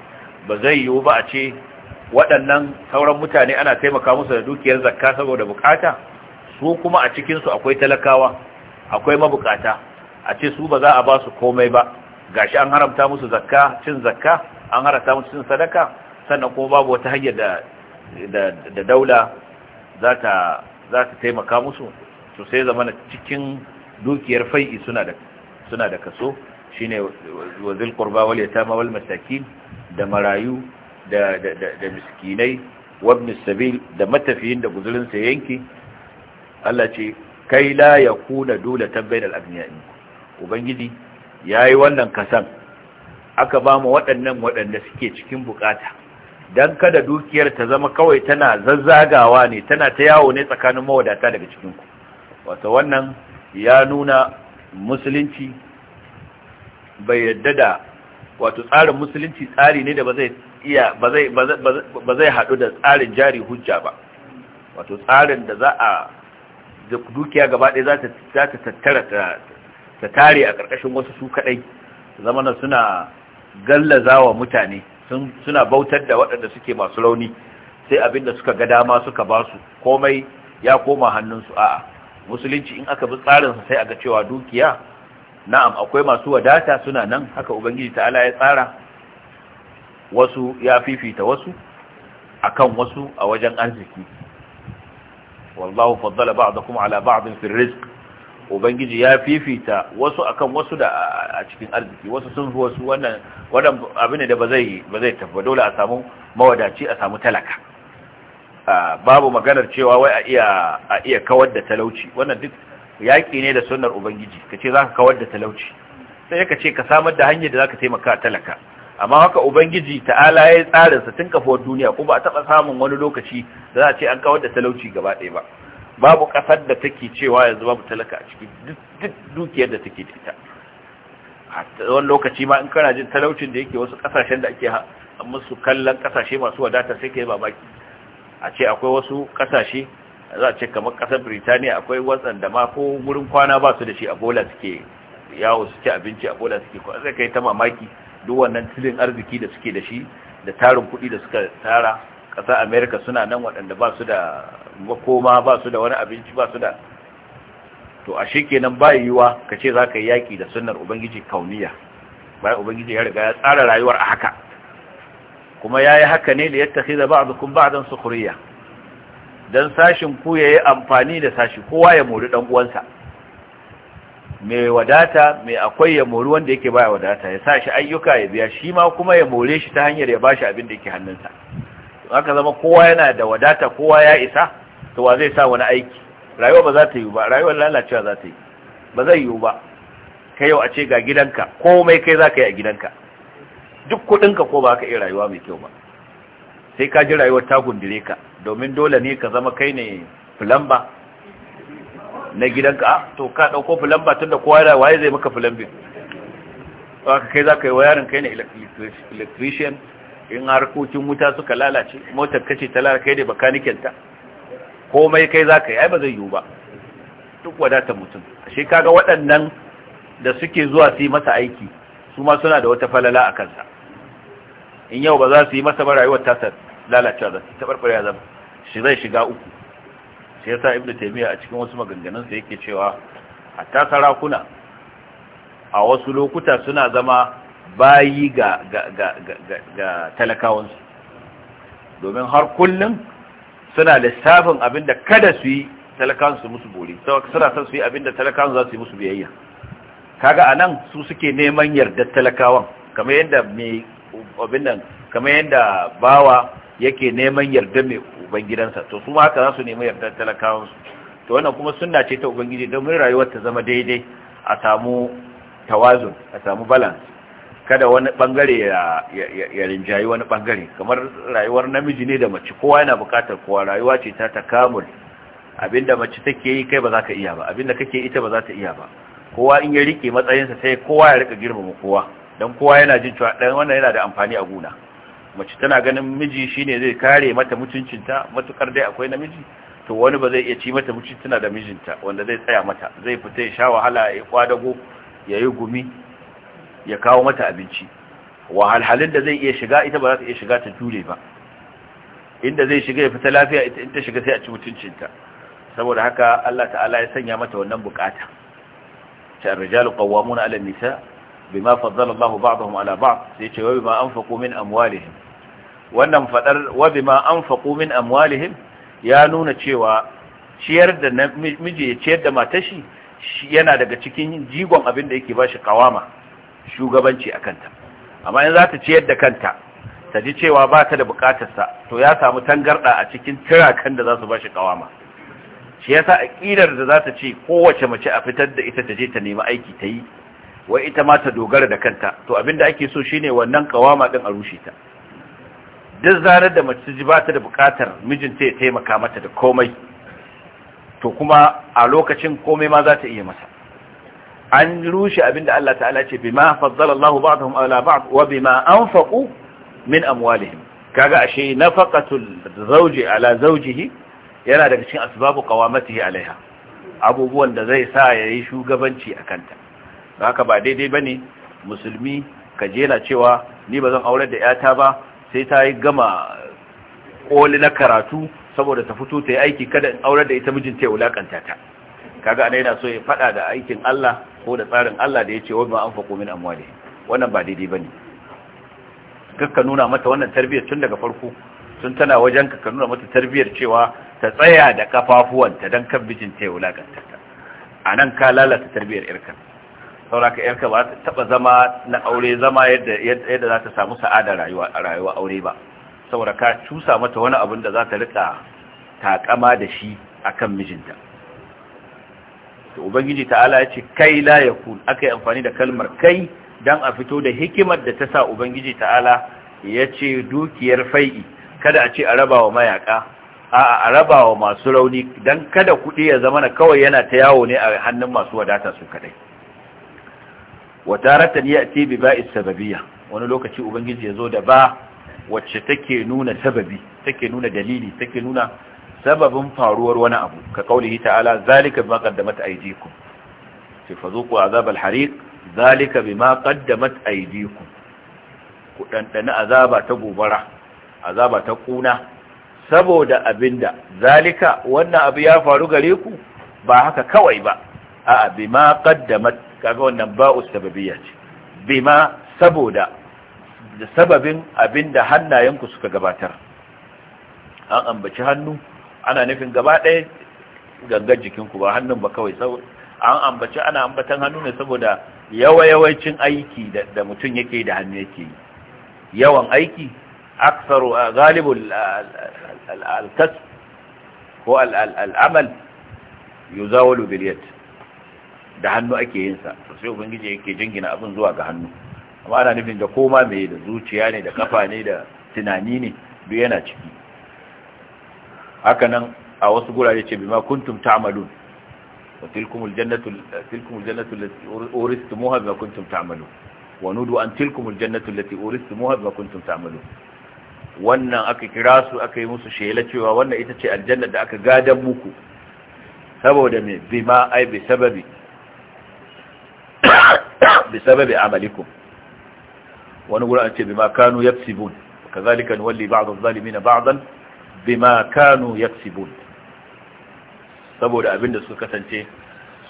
ba zai yiwu ba a ce waɗannan sauran mutane ana taimaka musu da dukiyar zakka saboda bukata su kuma a cikinsu akwai talakawa akwai mabukata a ce su ba za a ba su komai ba gashi an haramta musu zakka cin zakka an haramta musu cin sadaka sannan kuma babu wata hanya da da daula za ta za ta taimaka musu to sai zama cikin dukiyar fai'i suna da suna da kaso shine wazil qurba wal yatama wal masakin da marayu da da miskinai wabn sabil da matafiyin da guzurin sa yanki Allah ce kai la yakuna dulatan bainal abniyai ubangiji yayi wannan kasan aka ba mu waɗannan waɗanda suke cikin bukata dan kada dukiyar ta zama kawai tana zazzagawa ne tana ta yawo ne tsakanin mawadata daga cikin ku wato wannan ya nuna musulunci bai yadda da wato tsarin musulunci tsari ne da ba zai iya ba zai haɗu da tsarin jari hujja ba wato tsarin da za a dukiya gaba ɗaya za ta tattara ta tare a ƙarƙashin wasu su kaɗai zama na suna gallaza wa mutane suna bautar da waɗanda suke masu rauni sai abin da suka ga dama suka ba su komai ya koma hannunsu a'a musulunci in aka bi tsarinsa sai aga cewa dukiya na'am akwai masu wadata suna nan haka ubangiji ta'ala ya tsara wasu ya fifita wasu akan wasu a wajen arziki wallahu faddala ba'dakum ala ba'din fi rizq ubangiji ya fifita wasu akan wasu da a cikin arziki wasu sun fi wasu wannan wannan da ba zai ba tafi dole a samu mawadaci a samu talaka babu maganar cewa wai a iya a iya kawar da talauci wannan duk yaƙi ne da sunnar ubangiji kace zaka kawar da talauci sai ka ce ka samar da hanyar da zaka taimaka talaka amma haka ubangiji ta'ala ya tsara sa tun kafo duniya ko ba a taba samun wani lokaci da za a ce an kawar da talauci gaba ɗaya ba babu kasar da take cewa yanzu babu talaka a ciki duk dukiyar da take da ita a wani lokaci ma in kana jin talaucin da yake wasu kasashen da ake musu kallon kasashe masu wadata sai kai mamaki a ce akwai wasu kasashe za a ce kamar kasar Birtaniya akwai watsanda ma ko gurin kwana ba su da shi a bola suke yawo suke abinci a bola suke kwana sai kai ta mamaki duk wannan tilin arziki da suke da shi da tarin kuɗi da suka tara ƙasa Amerika suna nan waɗanda ba su da makoma ba su da wani abinci ba su da to a kenan ba yiwuwa ka ce za ka yi yaƙi da sunnar ubangiji kauniya bayan ubangiji ya riga ya tsara rayuwar a haka kuma ya yi haka ne da ya tafi da ba'adukun ba'adan sukuriya don sashin ku ya yi amfani da sashi kowa ya mori ɗan uwansa mai wadata mai akwai ya mori wanda yake baya wadata ya sa shi ayyuka ya biya shi ma kuma ya more shi ta hanyar ya bashi abin da yake hannunsa aka zama kowa yana da wadata kowa ya isa to wa zai sa wani aiki rayuwa ba za ta yi ba rayuwar lalacewa za ta yi ba zai yi ba kai yau a ce ga gidanka komai kai za ka yi a gidanka duk kuɗinka ko ba ka iya rayuwa mai kyau ba sai ka ji rayuwar ta gundire ka domin dole ne ka zama kai ne filamba na gidanka ah, to ka dauko fulamba tun tunda kowa da waye zai maka fulambin ka kai za ka yi wayarin kai ne electrician in harkokin wuta suka lalace motar kace ta lalace kai da ta? komai kai za ka yi ai ba zai yiwu ba duk wadatar mutum ashe kaga waɗannan da suke zuwa su yi masa aiki su ma suna da wata falala a kansa in yau ba za su yi masa ba rayuwar tasa lalacewa za su taɓarɓare ya zama shi zai shiga uku ya sa ibnu taymiya a cikin wasu maganganun sa yake cewa hatta sarakuna a wasu lokuta suna zama bayi ga ga ga ga talakawansu domin har kullum suna lissafin abinda kada su yi talakan su musu bori suna san su yi abinda talakan za su yi musu biyayya kaga anan su suke neman yardar talakawan kamar yanda mai abin nan kamar yadda bawa yake neman yarda mai ubangidansa to su haka za su nemi yardar talakawansu to wannan kuma sunna ce ta ubangiji don mun rayuwar ta zama daidai a samu tawazun a samu balance kada wani bangare ya rinjayi wani bangare kamar rayuwar namiji ne da mace kowa yana bukatar kowa rayuwa ce ta takamul abinda mace take yi kai ba za ka iya ba abinda kake ita ba za ta iya ba kowa in ya rike matsayinsa sai kowa ya rika girmama kowa don kowa yana jin cewa dan wannan yana da amfani a gona mace tana ganin miji shine zai kare mata mutuncinta matukar dai akwai namiji to wani ba zai iya ci mata mutuncina da mijinta wanda zai tsaya mata zai fita ya sha wahala ya kwadago ya yi gumi ya kawo mata abinci wahalhalin da zai iya shiga ita ba za ta iya shiga ta jure ba inda zai shiga ya fita lafiya ita in ta shiga sai a ci mutuncinta saboda haka Allah ta'ala ya sanya mata wannan bukata ta rijalu qawwamuna 'ala nisa bima faddala Allah ba'dahum ala ba'd sai ce wa bima anfaqu min amwalihim wannan fadar wa bima anfaqu min amwalihim ya nuna cewa ciyar da miji ya ciyar da matashi yana daga cikin jigon abin da yake bashi kawama shugabanci a ta. amma in za ta ciyar da kanta ta ji cewa ba ta da bukatarsa to ya samu tangarda a cikin tirakan da za su bashi kawama shi yasa aqidar da za ta ce kowace mace a fitar da ita ta je ta nemi aiki ta yi wai ita ma ta dogara da kanta to abinda ake so shine wannan kawama din a rushe ta duk zarar da mace ji ba ta da bukatar mijinta ya taimaka mata da komai to kuma a lokacin komai ma za ta iya masa an rushe abinda Allah ta'ala ce bima faddala Allahu ba'dahum ala ba'd wa bima anfaqu min amwalihim kaga ashe nafaqatul zawji ala zawjihi yana daga cikin asbabu qawamatihi alaiha abubuwan da zai sa yayi shugabanci akanta haka ba daidai ba ne musulmi ka yana cewa ni ba zan aurar da yata ba sai ta yi gama koli na karatu saboda ta fito ta yi aiki kada in aurar da ita mijinta ya wulakanta ta kaga ana yana so ya fada da aikin Allah ko da tsarin Allah da ya ce wani faƙo min amwali wannan ba daidai ba ne kakka nuna mata wannan tarbiyyar tun daga farko tun tana wajen ka nuna mata tarbiyyar cewa ta tsaya da kafafuwanta dan kan mijinta ya wulakanta ta anan ka lalata tarbiyyar irkan sauraka ka ba ta taba zama na aure zama yadda yadda za ta samu sa'ada rayuwa a rayuwa aure ba saboda ka cusa mata wani abin da za ta rika takama da shi akan mijinta to ubangiji ta'ala ya ce kai la yakun akai amfani da kalmar kai dan a fito da hikimar da ta sa ubangiji ta'ala ya ce dukiyar fai'i kada a ce a raba wa mayaka a a raba wa masu rauni dan kada kuɗi ya zama na kawai yana ta yawo ne a hannun masu wadata su kadai wa taratan ya'ti bi ba'is sababiyya wani lokaci ubangiji zo da ba wacce take nuna sababi take nuna dalili take nuna sababin faruwar wani abu ka kaulihi ta'ala zalika bima qaddamat aydikum sai fazuqu azab al-hariq zalika bima qaddamat aydikum ku dandana azaba ta gobara azaba ta kuna saboda abinda zalika wannan abu ya faru gare ku ba haka kawai ba a'a bima kaga wannan ba'u sababiyya ce bima saboda da sababin abinda hannayenku suka gabatar an ambaci hannu ana nufin gaba ɗaya gangar jikinku ba hannun ba kawai an ambaci ana ambatan hannu ne saboda yawa-yawancin aiki da mutum yake da hannu yake yawan aiki a galibul al'alkas ko al'amal yuzawalu lubiliyat da hannu ake yin sa to sai ubangiji yake jingina abin zuwa ga hannu amma ana nufin da koma mai da zuciya ne da kafa ne da tunani ne duk yana ciki haka nan a wasu gurare ce bima kuntum ta'malun wa tilkumul jannatu tilkumul jannatu allati uristumuha bima kuntum ta'malun wa nudu an tilkumul jannatu allati uristumuha bima kuntum ta'malun wannan aka kira su aka yi musu shela cewa wannan ita ce aljanna da aka gadan muku saboda me bima ai bi sababi bisababi amalikum wani gurin an ce bima kanu yaksibun kazalika nuwalli ba'd adh-dhalimin ba'dan bima kanu yaksibun saboda abinda suka kasance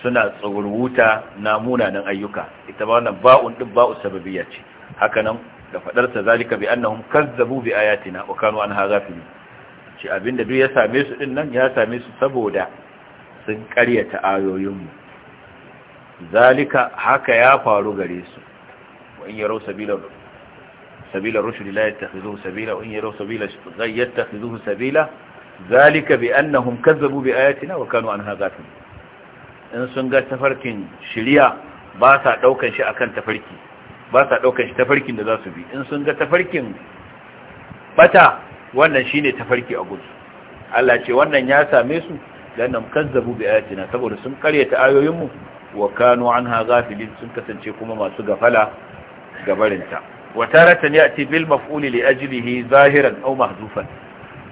suna tsawurwuta na munanan ayyuka ita ba wannan ba'un din ba'u sababiyya ce haka nan da fadar ta zalika bi annahum kazzabu bi ayatina wa kanu anha ghafilin shi abinda duk ya same su din nan ya same su saboda sun karyata ayoyinmu zalika haka ya faru gare su wa in sabila sabila rushd la yattakhidhuhu sabila wa in yarau sabila ghayy yattakhidhuhu sabila zalika bi annahum kazzabu bi ayatina wa kanu anha ghafilin in sun ga tafarkin shiriya ba sa daukan shi akan tafarki ba sa daukan shi tafarkin da za su bi in sun ga tafarkin bata wannan shine tafarki a gudu Allah ce wannan ya same su lannam kazzabu bi ayatina saboda sun karyata ayoyinmu wa kanu anha ghafilin sun kasance kuma masu gafala gabarinta wa taratan ya'ti bil maf'uli li ajlihi zahiran aw mahdufan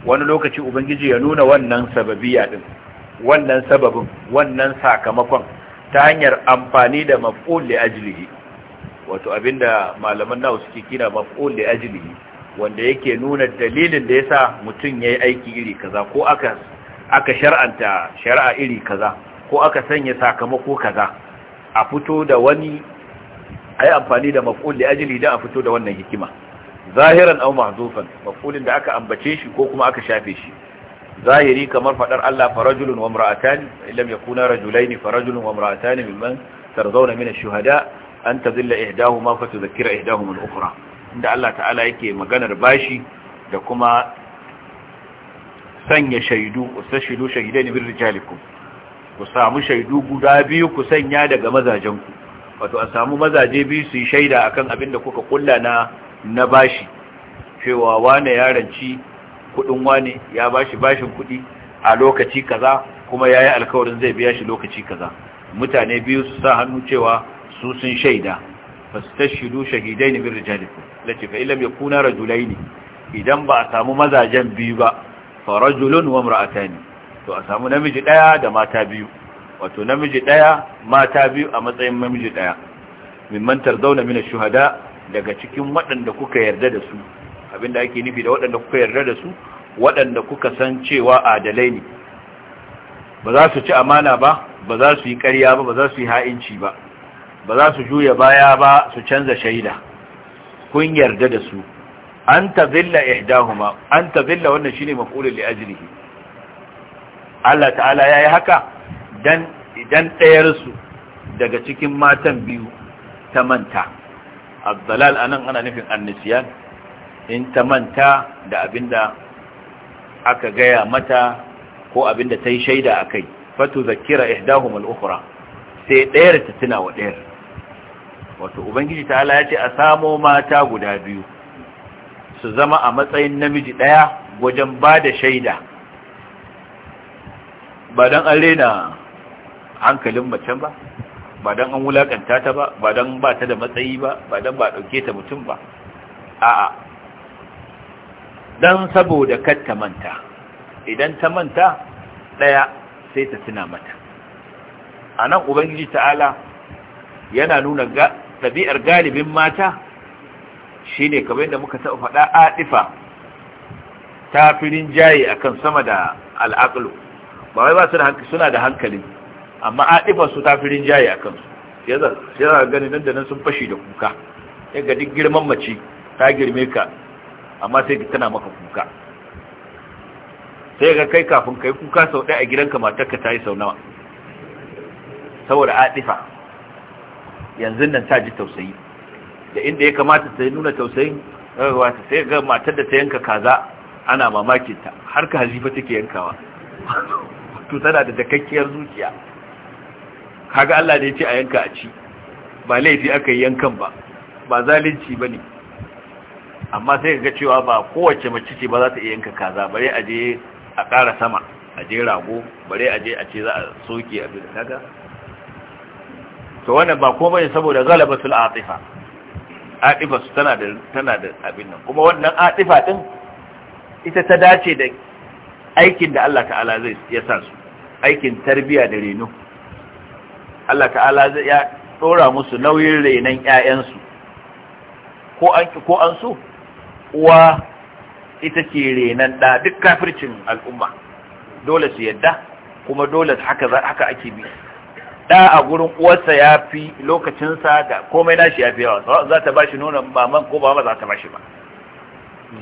wani lokaci ubangiji ya nuna wannan sababiya din wannan sababin wannan sakamakon ta hanyar amfani da maf'ul li ajlihi wato abinda malaman nawa suke kira maf'ul li ajlihi wanda yake nuna dalilin da yasa mutum yayi aiki iri kaza ko aka aka shar'anta shar'a iri kaza ko aka sanya sakamako kaza a fito da wani ai amfani da maf'ul li ajili, da a fito da wannan hikima zahiran aw mahdhufan maf'ulin da aka ambace shi ko kuma aka shafe shi zahiri kamar fadar Allah farajulun wa imra'atan illam yakuna rajulaini farajulun wa imra'atan mimman tarzawna min ash-shuhada an tadilla ihdahuma fa tudhakkira ihdahuma al-ukhra inda Allah ta'ala yake maganar bashi da kuma sanya shaidu ustashidu shahidaini bir rijalikum ku samu shaidu guda biyu ku sanya daga mazajenku wato a samu mazaje biyu su yi shaida akan abin da kuka kulla na na bashi cewa wane yaranci kudin wane ya bashi bashin kudi a lokaci kaza kuma yayi alkawarin zai biya shi lokaci kaza mutane biyu su sa hannu cewa su sun shaida fastashidu shahidaini bir rijalikum lati fa illam yakuna rajulaini idan ba a samu mazajen biyu ba fa rajulun wa imra'atani to a samu namiji ɗaya da mata biyu wato namiji ɗaya mata biyu a matsayin namiji ɗaya mantar zauna mina shuhada daga cikin waɗanda kuka yarda da su abinda ake nufi da waɗanda kuka yarda da su waɗanda kuka san cewa adalai ne ba za su ci amana ba ba za su yi ƙarya ba ba za su yi ha'inci ba ba za su juya baya ba su canza shaida kun yarda da su an zilla ihdahuma an zilla wannan shine maf'ulun li ajlihi Allah ta'ala ya yi haka dan idan ɗayarsu daga cikin matan biyu ta manta abdalal anan ana nufin annisiyan in ta manta da abinda aka gaya mata ko abinda ta yi shaida a kai fatu zakira ihdahum al-ukhra sai ɗayar ta tuna wa ɗayar wato ubangiji ta'ala ya ce a samo mata guda biyu su zama a matsayin namiji ɗaya wajen ba da shaida ba don an rena hankalin mace ba ba don an wulakanta ta ba ba don ba ta da matsayi ba ba don ba ɗauke ta mutum ba a'a don saboda kar ta manta idan ta manta ɗaya sai ta tuna mata a nan ubangiji ta'ala yana nuna ɗabi'ar galibin mata shi ne kamar yadda muka taɓa faɗa aɗifa ta firin jaye akan sama da al'aƙalu ba wai ba su da suna da hankali amma aɗifar su ta firin jaye a kansu sai ga gani nan da nan sun fashi da kuka sai ga duk girman mace ta girme ka amma sai tana maka kuka sai ga kai kafin kai kuka sau ɗaya a gidanka matarka ta yi sau nawa saboda aɗifa yanzu nan ta ji tausayi da inda ya kamata ta nuna tausayin rarrawa eh, ta sai ga matar da ta yanka kaza ana mamakin ta, har ka hazifa take yankawa to tana da takakkiyar zuciya kaga Allah da ya ce a yanka a ci ba laifi aka yi yankan ba ba zalunci ba ne amma sai ga cewa ba kowace mace ce ba za ta iya yanka kaza bare a je a ƙara sama a je rago bare a je a ce za a soke a bin kaga to wannan ba komai saboda galabatul atifa atifa su tana da tana da abin nan kuma wannan atifa din ita ta dace da aikin da Allah ta'ala zai ya sa su aikin tarbiya da reno Allah ta'ala ya ɗora musu nauyin renon 'ya'yansu ko an ko an so uwa ita ce renon da duk kafircin al'umma dole su yadda kuma dole haka haka ake bi Da a gurin uwarsa ya fi lokacinsa da komai nashi ya fi yawa za ta ba shi nonon maman ko ba ma za ta ba shi ba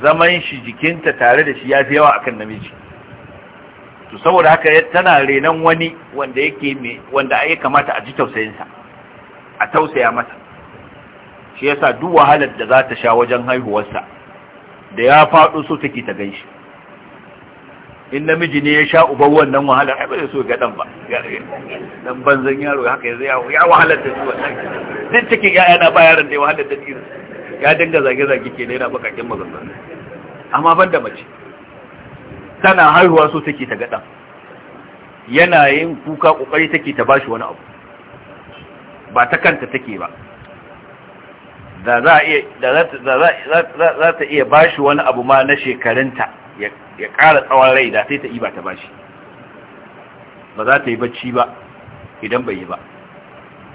zaman shi jikinta tare da shi ya fi yawa akan namiji to saboda haka tana renon wani wanda yake me wanda ai kamata a ji tausayinsa a tausaya masa shi yasa duk wahalar da za ta sha wajen haihuwarsa da ya faɗo so take ta ganshi in namiji ne ya sha uban wannan wahalar ai zai so ga dan ba dan banzan yaro haka ya ya wahalar da zuwa wannan duk cikin yaya yana ba yaron da wahalar da shi ya dinga zage zage kenan yana bakakin magana amma ban da mace tana haihuwa so take ta gada yana yin kuka ƙoƙari take ta bashi wani abu ba ta kanta take ba da za ta iya bashi wani abu ma na shekarunta ya ƙara tsawon rai da sai ta yi ba ta bashi ba za ta yi bacci ba idan bai yi ba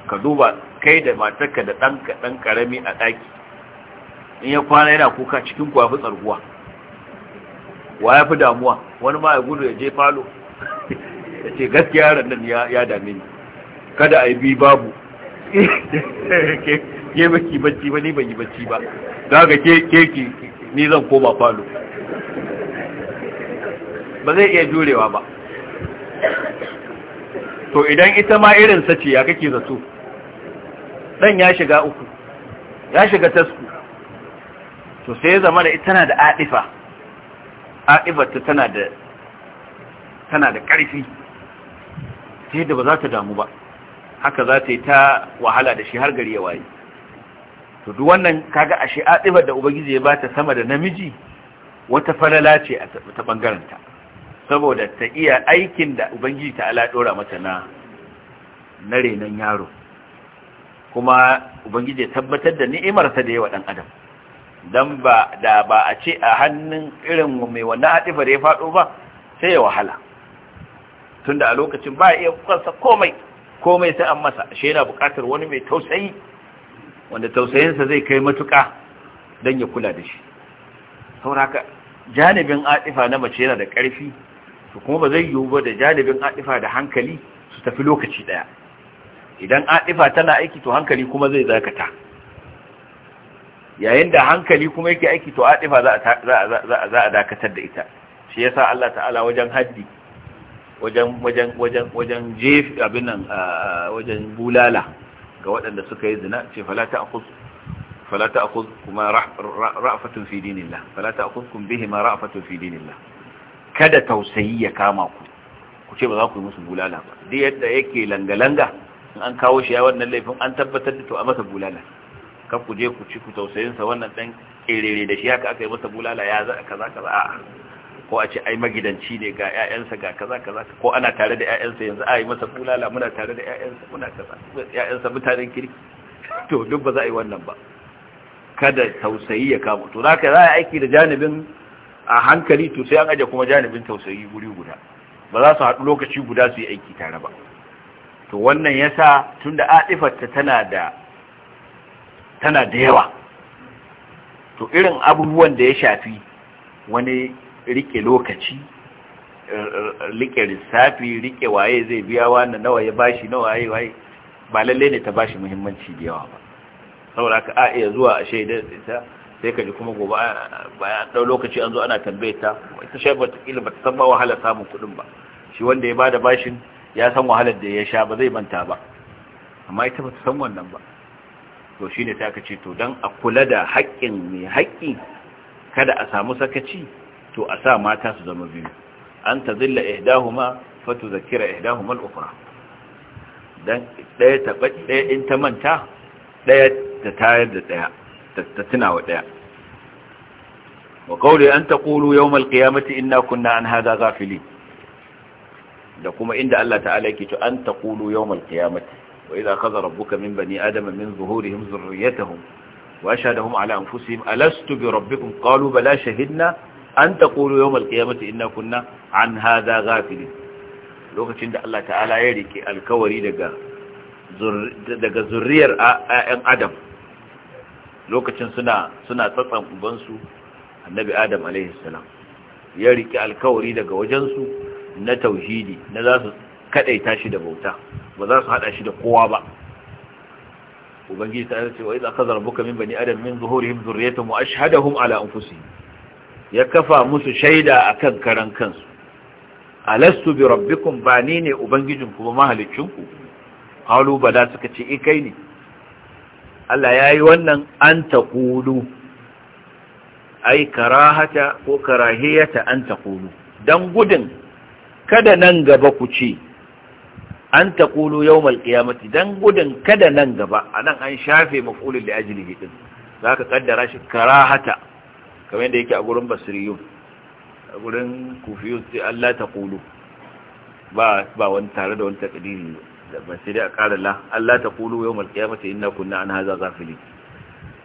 ka duba kai da matarka da ɗan ƙarami a ɗaki in ya kwana yana kuka cikin kwafi tsarguwa wa ya fi damuwa wani ma ya gudu ya je falo ya ce gaskiya yaran nan ya dame ni kada a yi bi babu ke baki bacci ba ni ban yi bacci ba da ga ke ki ni zan koma falo ba zai iya jurewa ba to idan ita ma irin sace ya kake zato dan ya shiga uku ya shiga tasku to sai ya zama da ita na da adifa A'ibata tana da tana da ƙarfi ta yadda ba za ta damu ba haka za ta yi ta wahala da shi har gari ya waye to duk wannan kaga ashe a'ibar da ubangiji ya bata sama da namiji wata falala ce a ta ɓangarenta saboda ta iya aikin da ubangiji ta ala dora mata na na renon yaro kuma ubangiji ya tabbatar da ni'imarsa da yawa ɗan adam don ba da ba a ce a hannun irin mai wannan da ya fado ba sai ya wahala tunda a lokacin ba iya kansa komai komai sai an masa shi yana buƙatar wani mai tausayi wanda tausayinsa zai kai matuƙa don ya kula da shi sauraka janibin atifa na mace yana da ƙarfi to kuma ba zai yiwu ba da janibin atifa da hankali su tafi lokaci ɗaya idan atifa tana aiki to hankali kuma zai zakata yayin da hankali kuma yake aiki to adifa za a dakatar da ita shi yasa Allah ta'ala wajen haddi wajen wajen wajen wajen jef abin nan wajen bulala ga waɗanda suka yi zina ce fala ta'khuz fala ta'khuz kuma ra'fatun fi dinillah fala ta'khuzkum bihima ra'fatun fi dinillah kada tausayi ya kama ku ku ce ba za ku yi musu bulala ba duk yadda yake langa langa in an kawo shi ya wannan laifin an tabbatar da to a masa bulala kan ku je ku ci ku tausayinsa wannan ɗan ƙerere da shi haka aka yi masa bulala ya za kaza kaza a ko a ce ai magidanci ne ga 'ya'yansa ga kaza kaza ko ana tare da 'ya'yansa yanzu a yi masa bulala muna tare da 'ya'yansa muna kaza 'ya'yansa mutanen kirki to duk ba za a yi wannan ba kada tausayi ya kama to zaka za a yi aiki da janibin a hankali to sai an aje kuma janibin tausayi guri guda ba za su haɗu lokaci guda su yi aiki tare ba to wannan yasa tunda adifarta tana da tana da yawa to irin abubuwan da ya shafi wani rike lokaci eh, eh, rike lissafi rike waye zai biya wani nawa ya bashi nawa waye waye ba lalle ne ta bashi muhimmanci da yawa ba saboda ka a iya zuwa a shaidar ita sai ka ji kuma gobe bayan dau lokaci an zo ana tambaye ta ita shaidar ba ta kila, ba ta san ba wahala samun kuɗin ba shi wanda ya bada bashin ya san wahalar da ya sha ba zai manta ba amma ita ba ta san wannan ba to shi ne ta aka ce to don a kula da haƙƙin mai haƙƙi kada a samu sakaci to a sa mata su zama biyu an ta zilla ihdahuma fatu zakira ihdahuma al-ukhra dan ɗaya ta ɗaya in ta manta ɗaya ta tayar da ɗaya ta tunawa ɗaya wa qawli an taqulu yawm al-qiyamati inna kunna an haza ghafilin da kuma inda Allah ta'ala ke to an taqulu yawm al-qiyamati وإذا أخذ ربك من بني آدم من ظهورهم ذريتهم وأشهدهم على أنفسهم ألست بربكم قالوا بلا شهدنا أن تقولوا يوم القيامة إنا كنا عن هذا غافلين لوكتين دا الله تعالى يريك الكوري دقا daga zurriyar ‘yan Adam lokacin suna suna tsatsan ubansu annabi Adam alaihissalam ya riƙe alkawari daga wajensu na tauhidi na za su kaɗaita shi da bauta ba za su haɗa shi da kowa ba ubangiji ta ce wa idza akhadha rabbuka min bani adam min zuhurihim dhurriyyatahum wa ashhadahum ala anfusihim ya kafa musu shaida akan karan kansu alastu bi rabbikum ba ni ne ubangijin kuma mahalicin ku qalu bala suka ce in eh, kai ne Allah yayi wannan an taqulu ai karahata ko karahiyata an taqulu dan gudun kada nan gaba ku ce an taqulu yawmal qiyamati dan gudun kada nan gaba a nan an shafe maf'ulul li ajlihi din zaka kaddara shi karahata kamar yadda yake a gurin basriyun a gurin kufiyun sai Allah ta kulu ba wani tare da wani takdiri da basiri a ƙara la Allah taqulu yawmal qiyamati inna kunna an hadha ghafilin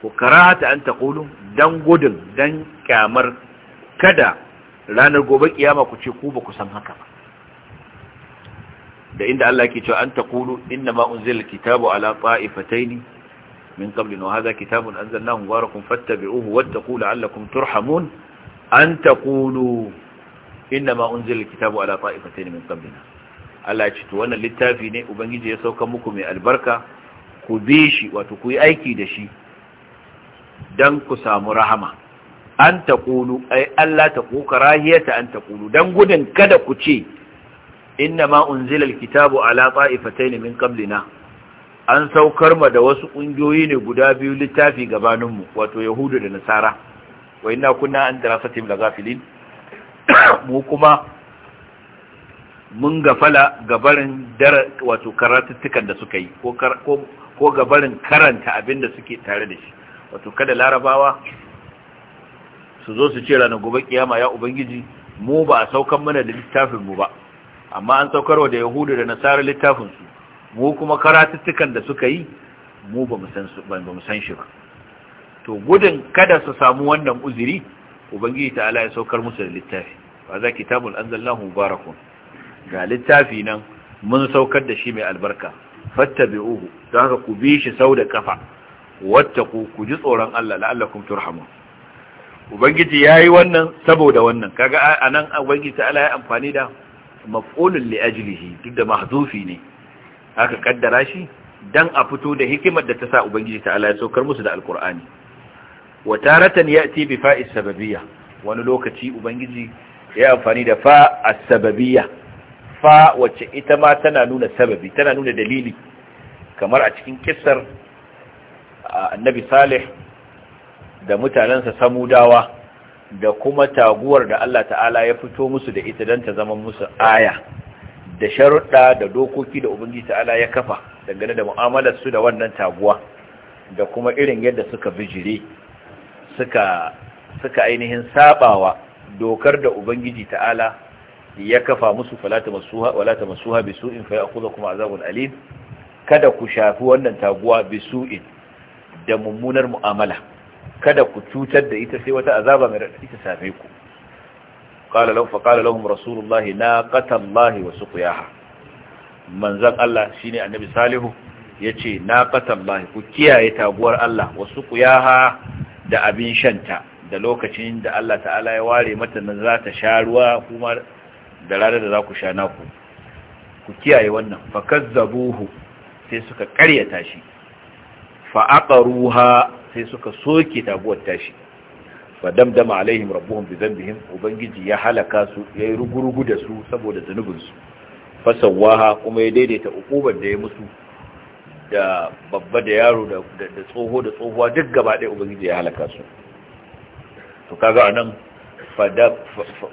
ku karahata an taqulu dan gudun dan kyamar kada ranar gobe kiyama ku ce ku ba ku san haka ba da inda Allah ke cewa an taqulu inna ma kitabu alaƙa ala ta'ifataini min qablina wa hadha kitabun anzalnahu mubarakun fattabi'uhu wattaqu la'allakum turhamun an taqulu inna ma kitabu alaƙa ala ta'ifataini min qablina Allah ya ce to wannan littafi ne ubangiji ya sauka muku mai albarka ku bi shi wato ku yi aiki da shi don ku samu rahama an taqulu Ai Allah ta kuka rahiyata an taqulu Don gudun kada ku ce inna ma unzila alkitabu ala ta'ifatayn min qablina an saukar ma da wasu kungiyoyi ne guda biyu littafi gabanin mu wato yahudu da nasara wa inna kunna an darasatim ghafilin mu kuma mun gafala gabarin wato karatuttukan da suka yi ko gabarin karanta abin da suke tare da shi wato kada larabawa su zo su ce ranar gobe kiyama ya ubangiji mu ba a saukan mana da littafin mu ba amma an saukarwa da yahudu da nasara littafinsu mu kuma karatuttukan da suka yi mu ba mu san shi ba to gudun kada su samu wannan uzuri ubangiji ta'ala ya saukar musu da littafi ba za kitabul anzalnahu barakun ga littafi nan mun saukar da shi mai albarka fattabi'uhu don haka ku bi shi sau da kafa wattaku ku ji tsoron Allah la'allakum turhamun ubangiji yayi wannan saboda wannan kaga anan ubangiji ta'ala ya amfani da maf'ulun li ajlihi duk da mahzufi ne aka kaddara shi dan a fito da hikimar da ta sa ubangiji ta ya saukar musu da alkur'ani wa taratan ya'ti bi fa'i sababiya wani lokaci ubangiji ya amfani da fa as-sababiyya fa wacce ita ma tana nuna sababi tana nuna dalili kamar a cikin kisar annabi salih da mutanansa samudawa da kuma taguwar da Allah ta'ala ya fito musu da ita don ta zama musu aya da sharuɗa da dokoki da ubangiji ta'ala ya kafa dangane da mu'amalar su da wannan taguwa da kuma irin yadda suka bijire suka suka ainihin sabawa dokar da ubangiji ta'ala ya kafa musu falata masuha wala bi su'in fa ya'khudhukum azabun alim kada ku shafi wannan taguwa su'in da mummunar mu'amala kada ku cutar da ita sai wata azaba mai raɗaɗi ita same ku qala lahum fa qala lahum rasulullahi naqatallahi wa suqiyaha manzan Allah shine annabi salihu yace naqatallahi ku kiyaye taguwar Allah wa suqiyaha da abin shanta da lokacin da Allah ta'ala ya ware mata nan za ta sha ruwa kuma da ranar da za ku sha naku ku kiyaye wannan fa kazzabuhu sai suka karyata shi fa aqaruha sai suka soke taguwar tashi fa damdama alaihim rabbuhum bi dhanbihim ubangiji ya halaka su yi rugurugu da su saboda zanubin su fa sawaha kuma ya daidaita ukubar da ya musu da babba da yaro da da tsoho da tsohuwa duk gaba ɗaya ubangiji ya halaka su to kaga anan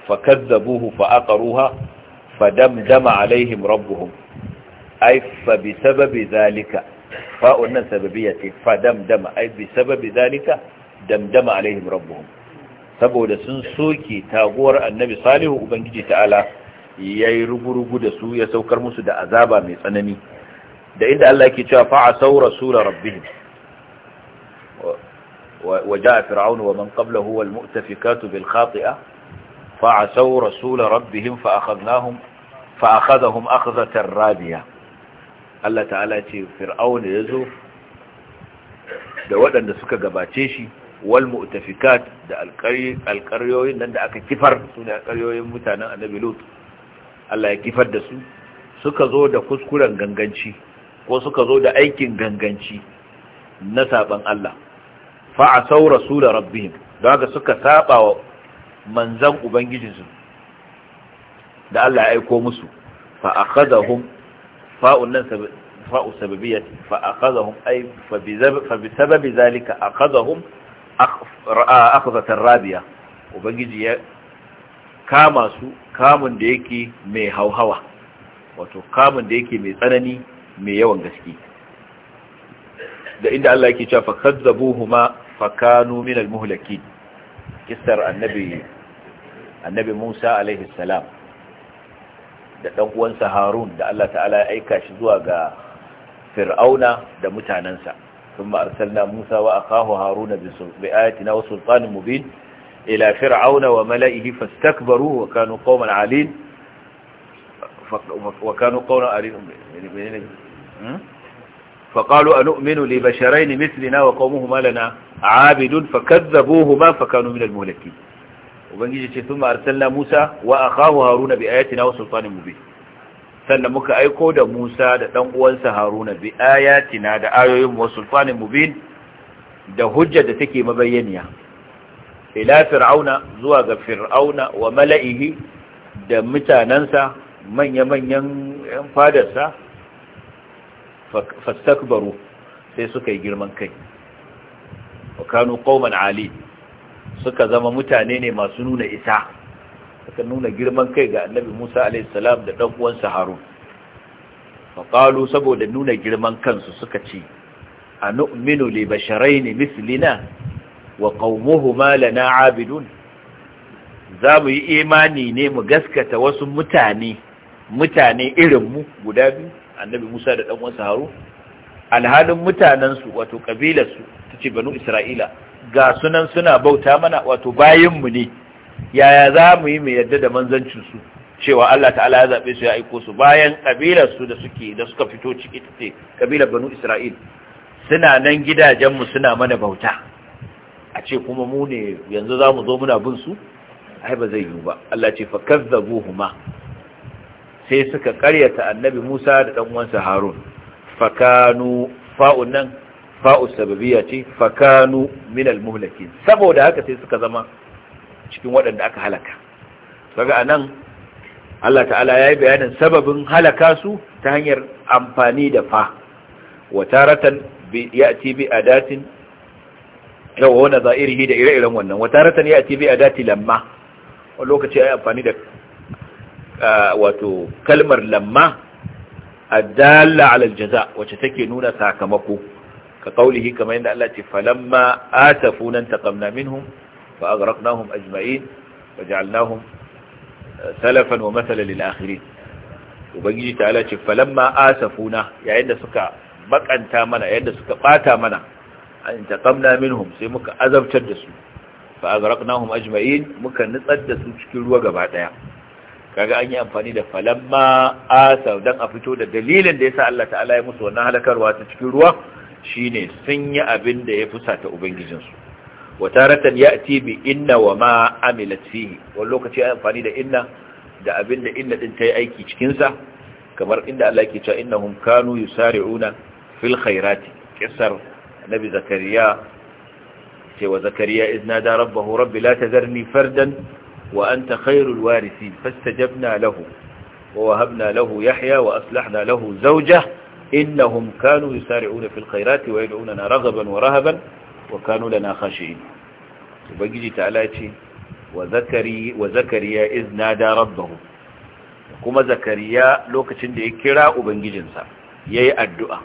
fa kazzabuhu fa aqaruha fa damdama alaihim rabbuhum Ai fa bi sababi zalika fa'un nan sababiyya ce fa damdama ai bi sababi zalika damdama alaihim rabbuhum saboda sun soke taguwar annabi salihu ubangiji ta'ala yayi rugurugu da su ya saukar musu da azaba mai tsanani da inda Allah yake cewa fa asaw rasul rabbihim wa jaa fir'aun wa man qablahu wal mu'tafikatu bil khati'a fa asaw rasul rabbihim fa akhadnahum fa akhadhahum akhdhatan radiyah Allah ta'ala ce fir'auna ya zo da waɗanda suka gabace shi wal mu'tafikat da alƙaryoyin nan da aka kifar su ne alƙaryoyin mutanen annabi lut Allah ya kifar da su suka zo da kuskuren ganganci ko suka zo da aikin ganganci na saban Allah sau rasula rabbihim don haka suka saba wa manzan ubangijinsu da Allah ya aiko musu fa akhadahum fa'un nan fa'u sababiyya fa akhadhahum ay sababi zalika akhadhahum rabiya ubangiji ya kama su kamun da yake mai hauhawa wato kamun da yake mai tsanani mai yawan gaske da inda Allah yake cewa fakazzabuhuma fakanu min almuhlakin kissar annabi annabi Musa alaihi salam da ɗan uwansa harun da Allah ta'ala ya aika shi zuwa ga fir'auna da mutanensa sun ma'arsalna musa wa akahu haruna bi ayatina wa sultanin mubin ila fir'auna wa mala'ihi wa kanu alin فقالوا أنؤمن لبشرين مثلنا وقومهما لنا فكذبوهما فكانوا من المهلكين ubangiji ce sun arsalna Musa wa akahu Haruna bi ayatina wa sultanin mubin sannan muka aiko da Musa da dan uwansa Haruna bi ayatina da ayoyin wa sultanin mubin da hujja da take mabayyaniya ila fir'auna zuwa ga fir'auna wa mala'ihi da mutanansa manya-manyan yan fadarsa fastakbaru sai suka yi girman kai wa kanu qauman ali suka zama mutane ne masu nuna isa suka nuna girman kai ga annabi Musa alaihi da dan uwansa Harun saboda nuna girman kansu suka ce anu'minu li basharayn mislina wa qaumuhuma lana 'abidun za mu yi imani ne mu gaskata wasu mutane mutane irinmu guda biyu annabi musa da ɗan haru alhalin mutanensu wato kabilarsu ta ce banu isra'ila ga sunan suna bauta mana wato bayinmu ne yaya za mu yi mai yadda da manzancinsu cewa Allah ta'ala ya zaɓe su ya aiko su bayan ƙabilarsu da suke da suka fito ciki ta ce ƙabilar banu isra'il suna nan gidajenmu suna mana bauta a ce kuma mu ne yanzu za mu zo muna bin su ai ba zai yiwu ba Allah ce fa kazzabuhuma sai suka karyata annabi Musa da dan uwansa Harun fakanu fa'un nan fa'u sababiya ce fakanu min almuhlakin saboda haka sai suka zama cikin waɗanda aka halaka kaga anan Allah ta'ala ya yi bayanin sababin halaka su ta hanyar amfani da fa Wata wa taratan ya'ti bi datin yawa wani za'irihi da ire-iren wannan wa taratan ya'ti bi adati lamma wani lokaci ya amfani da wato kalmar lamma adalla ala aljaza wacce take nuna sakamako ka kaulihi kamar yadda Allah ce falamma atafunan taqamna minhum fa aghraqnahum ajma'in Wa ja'alnahum eh, salafan wa mathalan lil akhirin ubangiji ta'ala ce falamma asafuna yayin da suka bakanta mana yayin da suka bata mana an taqamna minhum sai muka azabtar da su fa aghraqnahum ajma'in muka nutsar da su cikin ruwa gaba daya kaga an yi amfani da falamma asaf dan a fito da dalilin da yasa Allah ta'ala ya musu wannan halakarwa ta cikin ruwa shine sun yi abin da ya fusata ubangijinsu wa taratan ya'ti bi inna wa ma amilat fihi wani lokaci ai amfani da inna da abin da inna din tayi aiki cikin sa kamar inda Allah yake cewa innahum kanu yusari'una fil khairati kisar nabi zakariya ce wa zakariya idna da rabbahu rabbi la tazarni fardan wa anta khairul warisi fastajabna lahu wa wahabna lahu yahya wa aslahna lahu zawjahu innahum kanu yusari'una fil khairati wa yad'unana raghaban wa rahaban wa kanu lana khashi'in ubangiji ta'ala ce wa zakari wa zakariya iznada rabbahu kuma zakariya lokacin da ya kira ubangijinsa yayi addu'a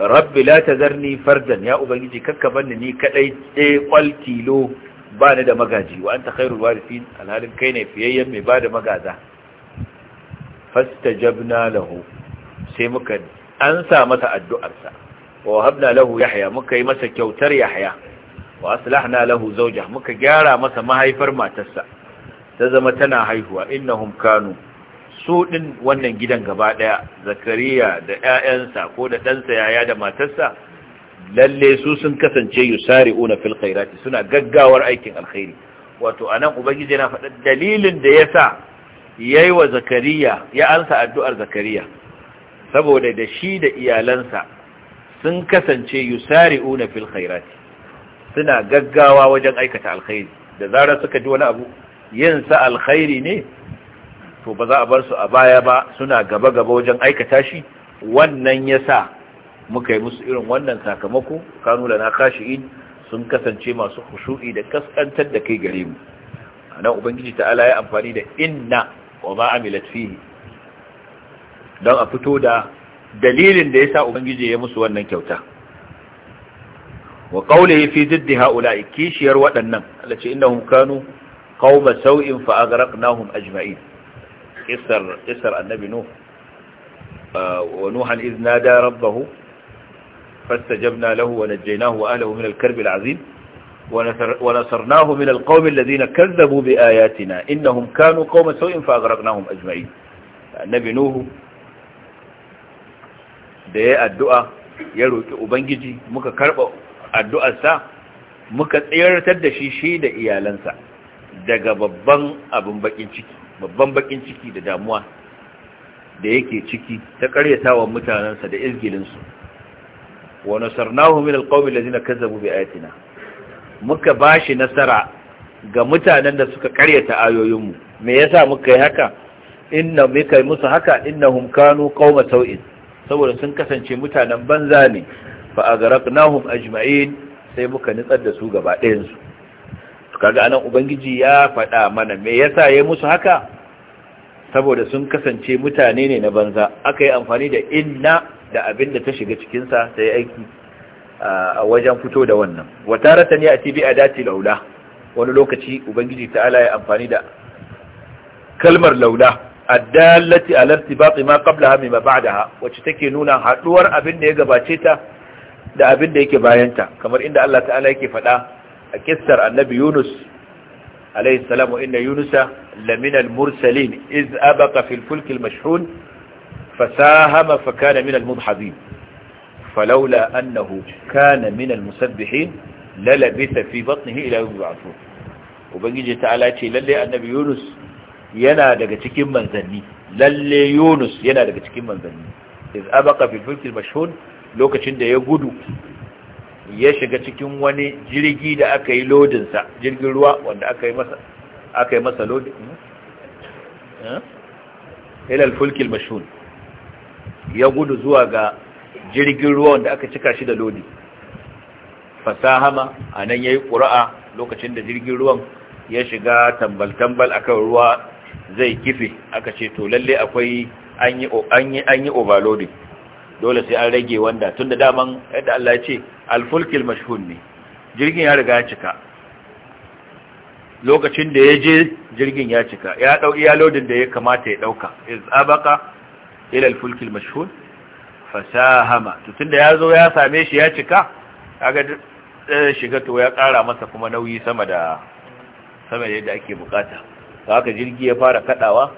rabbi la tazarni fardan ya ubangiji kakka banni ni kadai tsaye kwaltilo ba ni da magaji wa anta khairul warithin alhalin kai ne fiyayyen mai bada magaza fastajabna lahu sai muka an sa masa addu'arsa wa habna lahu yahya muka yi masa kyautar yahya wa aslahna lahu zauja muka gyara masa mahaifar matarsa ta zama tana haihuwa innahum kanu su din wannan gidan gaba daya zakariya da ƴaƴansa ko da ɗansa yaya da matarsa lalle su sun kasance yusari'una fil khairati suna gaggawar aikin alkhairi wato anan ubangiji yana faɗa dalilin da yasa yayi wa zakariya ya ansa addu'ar zakariya saboda da shi da iyalansa sun kasance yusari'una fil khairati suna gaggawa wajen aikata alkhairi da zarar suka ji wani abu yin sa alkhairi ne to ba za a bar su a baya ba suna gaba gaba wajen aikata shi wannan yasa muka yi musu irin wannan sakamako kanu lana kashi'in sun kasance masu khushu'i da kaskantar da kai gare mu anan ubangiji ta'ala ya amfani da inna wa ma amilat fihi don a fito da dalilin da ya sa ubangiji ya musu wannan kyauta wa qawlihi fi diddi haula'i kishiyar waɗannan Allah ce innahum kanu qauma sau'in fa ajma'in annabi wa nuhan rabbahu lahu wa wa min da ya addu'a ya roƙi ubangiji muka karɓa addu'arsa muka tsayartar da shi shi da iyalansa daga babban abin bakin ciki babban bakin ciki da damuwa da yake ciki ta ƙaryatawa mutanensa da izgilinsu wa nasarnahu min alqawmi allazina kazzabu bi ayatina muka bashi nasara ga mutanen da suka karyata ayoyinmu me yasa muka yi haka inna muka yi musu haka innahum kanu qauma sau'in saboda sun kasance mutanen banza ne fa aghraqnahum ajma'in sai muka nitsar da su gaba ɗayan su kaga anan ubangiji ya faɗa mana me yasa ya musu haka saboda sun kasance mutane ne na banza aka yi amfani da inna da abin da ta shiga cikinsa ta yi aiki a wajen fito da wannan ne a ati a adati laula wani lokaci ubangiji ta'ala ya amfani da kalmar laula addallati ala irtibaqi ma qablaha mimma ba'daha wacce take nuna haduwar abin da ya gabace ta da abin da yake bayan ta kamar inda Allah ta'ala yake faɗa a kissar annabi Yunus alayhi salamu inna yunusa lamina al-mursalin iz abaqa fil fulk al-mashhun fasahama fa kana min al-mudhhabin falawla annahu kana min al-musabbihin lalabitha fi batnihi ila yawm yub'athun ubangiji ta'ala ce lalle annabi Yunus yana daga cikin manzanni lalle yunus yana daga cikin manzanni iz abaka fil fulkil mashhun lokacin da ya gudu ya shiga cikin wani jirgi da aka yi loading sa jirgin ruwa wanda aka yi masa aka yi masa hmm? eh ila al fulkil ya gudu zuwa ga jirgin ruwa wanda aka cika shi da lodi fasahama anan yayi qura'a lokacin da jirgin ruwan ya shiga tambal-tambal akan ruwa zai kife aka ce to lalle akwai an yi an overloading dole sai an rage wanda tunda daman yadda Allah ya ce alfulkil mashhun ne jirgin ya riga ya cika lokacin da ya je jirgin ya cika ya dauki ya loading da ya kamata ya dauka iz abaka ila alfulkil mashhun fasahama to tunda ya zo ya same shi ya cika kaga eh, shiga to ya kara masa kuma nauyi sama da sama da yadda ake bukata haka jirgi ya fara kadawa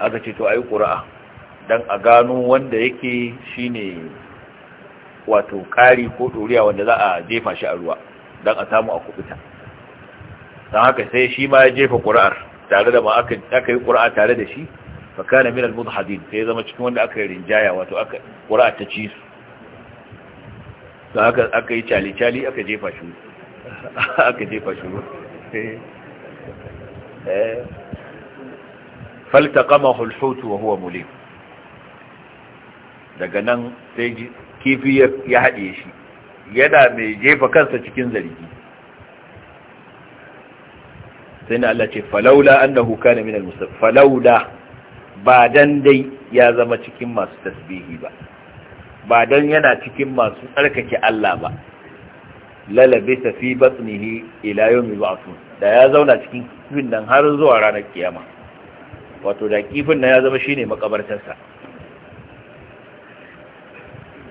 aka ce to ayi ƙura'a Dan a gano wanda yake shine wato kari ko ɗoriya wanda za a jefa shi a ruwa dan a samu a kubuta Dan haka sai shi ma ya jefa ƙura'ar tare da ma aka yi ƙura'a tare da shi fa kana min al-mudhadin sai zama cikin wanda aka yi rinjaya wato aka ƙura'a ta ci su dan haka aka yi cali-cali aka jefa shi aka jefa shi فالتقمه الحوت وهو مليم daga nan sai kifi ya haɗe shi yana mai jefa kansa cikin zargi sai na Allah ce falaula annahu kana minal falaula ba dan dai ya zama cikin masu tasbihi ba ba dan yana cikin masu tsarkake Allah ba ta fi batsunihi ila yawmi ba'thun da ya zauna cikin kifin nan har zuwa ranar kiyama wato da kifin nan ya zama shine makabartarsa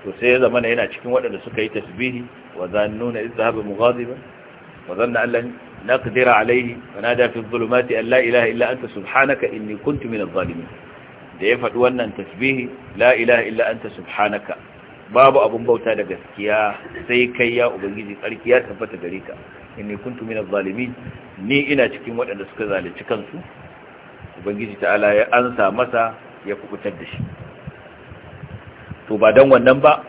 to sai ya zama yana cikin waɗanda suka yi tasbihi wa zannuna izhaba mughadiban wa zanna an lan naqdira alayhi na fi dhulumati an la ilaha illa anta subhanaka inni kuntu minadh zalimin da ya faɗi wannan tasbihi la ilaha illa anta subhanaka babu abun bauta da gaskiya sai kai ya ubangiji tsarki ya tabbata gare ka inni kuntu minaz zalimin ni ina cikin waɗanda suka zalunci kansu ubangiji ta'ala ya ansa masa ya kubutar da shi to ba dan wannan ba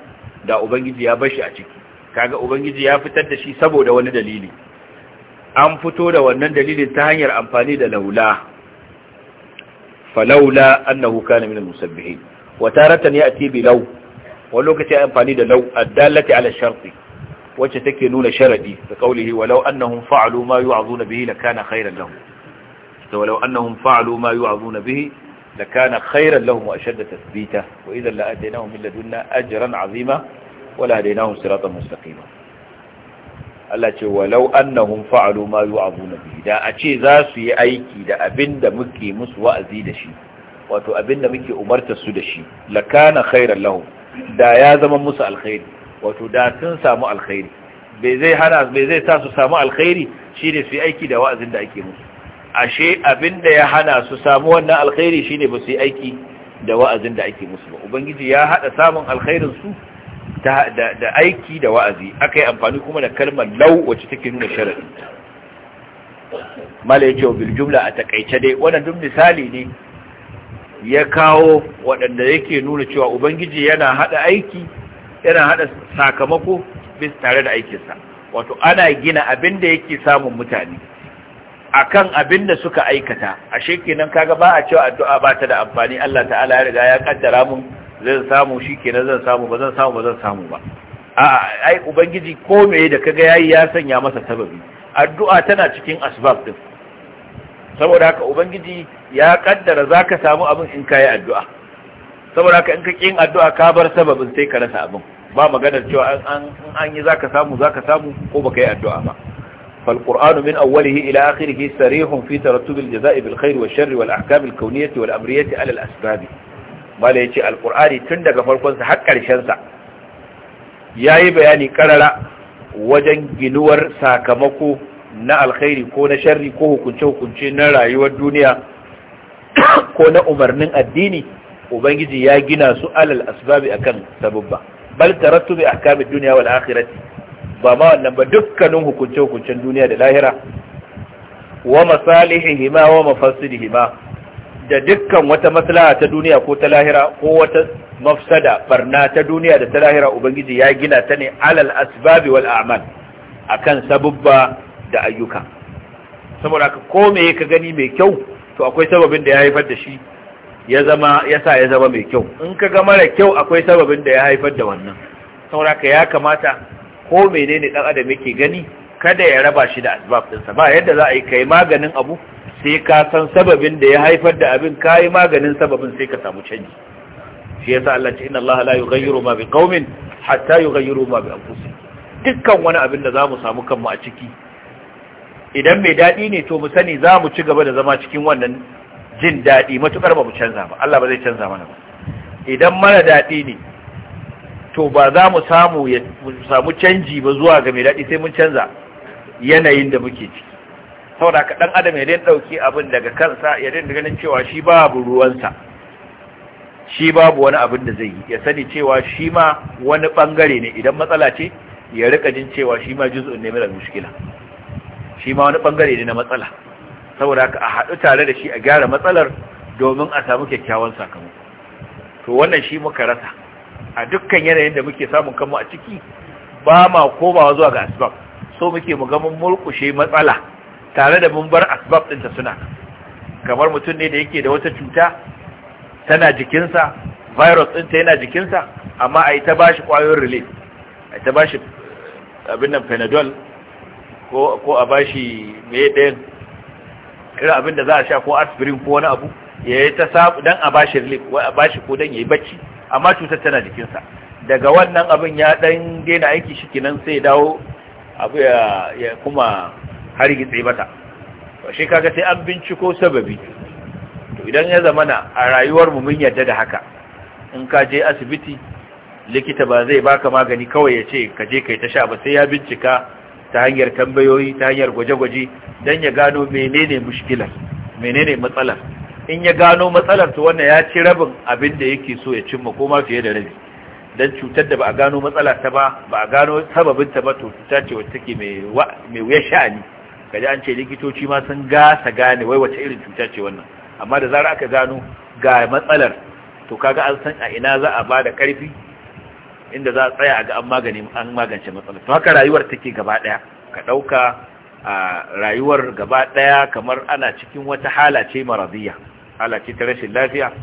da ubangiji ya bar shi a ciki kaga ubangiji ya fitar da shi saboda wani dalili an fito da wannan dalilin ta hanyar amfani da laula falaula annahu kana minal musabbihin wa taratan ya'ti bilau wani lokaci amfani da law addallati ala sharti wacce take nuna sharadi da qawlihi walau annahum fa'alu ma yu'azuna bihi lakana khairan lahum to walau annahum fa'alu ma yu'azuna bihi lakana khairan lahum wa ashadda tathbita wa idhan la'atainahum min ladunna ajran 'azima wa lahadainahum siratan mustaqima Allah ce walau annahum fa'alu ma yu'azuna bihi da a ce za su yi aiki da abinda muke musu wa'azi da shi wato abinda muke umarta su da shi lakana khairan lahum da ya zama musu alkhairi wato da sun samu alkhairi bai zai hana bai zai sa su samu alkhairi shine su aiki da wa'azin da ake musu ashe abinda ya hana su samu wannan alkhairi shine ba su yi aiki da wa'azin da ake musu ba ubangiji ya hada samun alkhairin su da da aiki da wa'azi akai amfani kuma da kalmar law wacce take nuna sharadi mala yake bil jumla a takaice dai wannan duk misali ne ya kawo waɗanda yake nuna cewa ubangiji yana haɗa aiki yana haɗa sakamako bis tare da aikinsa wato ana gina abin da yake samun mutane akan abin da suka aikata ashe kenan kaga ba a cewa addu'a ba ta da amfani Allah ta'ala ya riga ya kaddara mun zan samu shi kenan zan samu ba zan samu ba zan samu ba a'a ai ubangiji ko me da kaga yayi ya sanya masa sababi addu'a tana cikin asbab din saboda haka ubangiji ya kaddara za ka samu abin in ka yi addu'a saboda haka in ka ƙin addu'a ka bar sababin sai ka rasa abin ba maganar cewa an yi za ka samu za ka samu ko ba ka yi addu'a ba فالقرآن من أوله إلى آخره سريح في ترتب الجزاء بالخير والشر والأحكام الكونية والأمرية على الأسباب ما ليتي القرآن تندق فالقنس حقا لشنسا ياي بياني كرلا وجن جنور ساكمكو نا الخير كون شر كوه كنشه كنشه نرى يوى الدنيا ko na umarnin addini ubangiji ya gina su alal asbabi akan sababba bal tarattu bi ahkamid dunya wal akhirati ba ma wannan ba dukkanin hukunce hukuncen duniya da lahira wa masalihihima wa mafasidihima da dukkan wata maslaha ta duniya ko ta lahira ko wata mafsada barna ta duniya da ta lahira ubangiji ya gina ta ne alal asbabi wal a'mal akan sababba da ayyuka saboda ka ko me ka gani mai kyau to akwai sababin da ya haifar da shi ya zama ya sa ya zama mai kyau in ka ga mara kyau akwai sababin da ya haifar da wannan sauraka ya kamata ko menene dan adam yake gani kada ya raba shi da asbab ɗinsa ba yadda za a yi kai maganin abu sai ka san sababin da ya haifar da abin kai maganin sababin sai ka samu canji shi yasa Allah ce inna Allah la yughayyiru ma biqaumin hatta yughayyiru ma bi anfusihim dukkan wani abin da zamu samu kanmu a ciki idan mai daɗi ne to mu sani za mu ci gaba da zama cikin wannan jin daɗi matuƙar ba mu canza ba Allah ba zai canza mana ba idan mara daɗi ne to ba za mu samu ya samu canji ba zuwa ga mai daɗi sai mun canza yanayin da muke ciki saboda ka ɗan adam ya dinga ɗauki abin daga kansa ya dinga ganin cewa shi babu ruwansa shi babu wani abin da zai yi ya sani cewa shi ma wani bangare ne idan matsala ce ya rika jin cewa shi ma juz'un ne mai mushkila shi ma wani bangare ne na matsala saboda haka a haɗu tare da shi a gyara matsalar domin a samu kyakkyawan sakamako to wannan shi muka rasa a dukkan yanayin da muke samun kanmu a ciki ba ma komawa zuwa ga asbab so muke mu ga mun murkushe matsala tare da mun bar asbab ɗinta suna kamar mutum ne da yake da wata cuta tana jikinsa virus ɗinta yana jikinsa amma a yi ta bashi ƙwayoyin relief a yi ta bashi abin nan panadol ko a bashi mai ɗayan irin abin da za a sha ko aspirin ko wani abu ya yi ta sabu don a bashi relief a bashi ko don ya yi bacci amma cutar tana jikinsa daga wannan abin ya ɗan daina aiki shi kinan sai dawo abu ya kuma har gitse mata shi kaga sai an binciko sababi to idan ya zamana a rayuwar mu mun yarda da haka in ka je asibiti likita ba zai baka magani kawai ya ce ka je kai ta sha ba sai ya bincika ta hanyar tambayoyi ta hanyar gwaje-gwaje don ya gano menene mushkilar menene matsalar in ya gano matsalar to wannan ya ci rabin abin da yake so ya cimma ko ma fiye da rabi don cutar da ba a gano matsala ta ba ba a gano sababin ta ba to cuta ce wacce take mai wuya sha'ani kaji an ce likitoci ma sun gasa gane wai wace irin cuta ce wannan amma da zarar aka gano ga matsalar to kaga an san a ina za a ba da karfi inda za a tsaya ga an magani an magance matsalar to haka rayuwar take gaba daya ka dauka rayuwar gaba daya kamar ana cikin wata hala ce maradiya hala ce ta rashin lafiya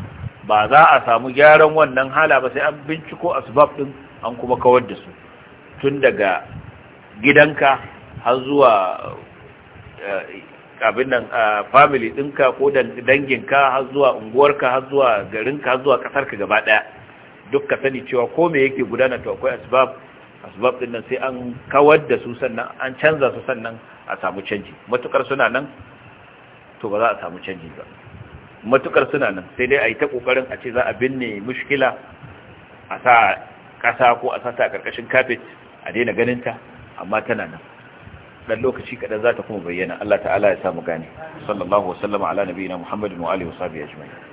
ba za a samu gyaran wannan hala ba sai an binciko asbab din an kuma kawar da su tun daga gidanka har zuwa abin nan family ɗinka ko danginka har zuwa unguwarka har zuwa garinka har zuwa kasarka gaba ɗaya duk ka sani cewa ko me yake gudana to akwai asbab asbab din nan sai an kawar da su sannan an canza su sannan a samu canji matukar suna nan to ba za a samu canji ba matukar suna nan sai dai a yi ta kokarin a ce za a binne mushkila a sa kasa ko a sata a karkashin kafet a daina ganinta amma tana nan dan lokaci kadan za ta kuma bayyana Allah ta'ala ya samu gane sallallahu alaihi wa sallam ala nabiyina muhammadin wa alihi wa sahbihi ajma'in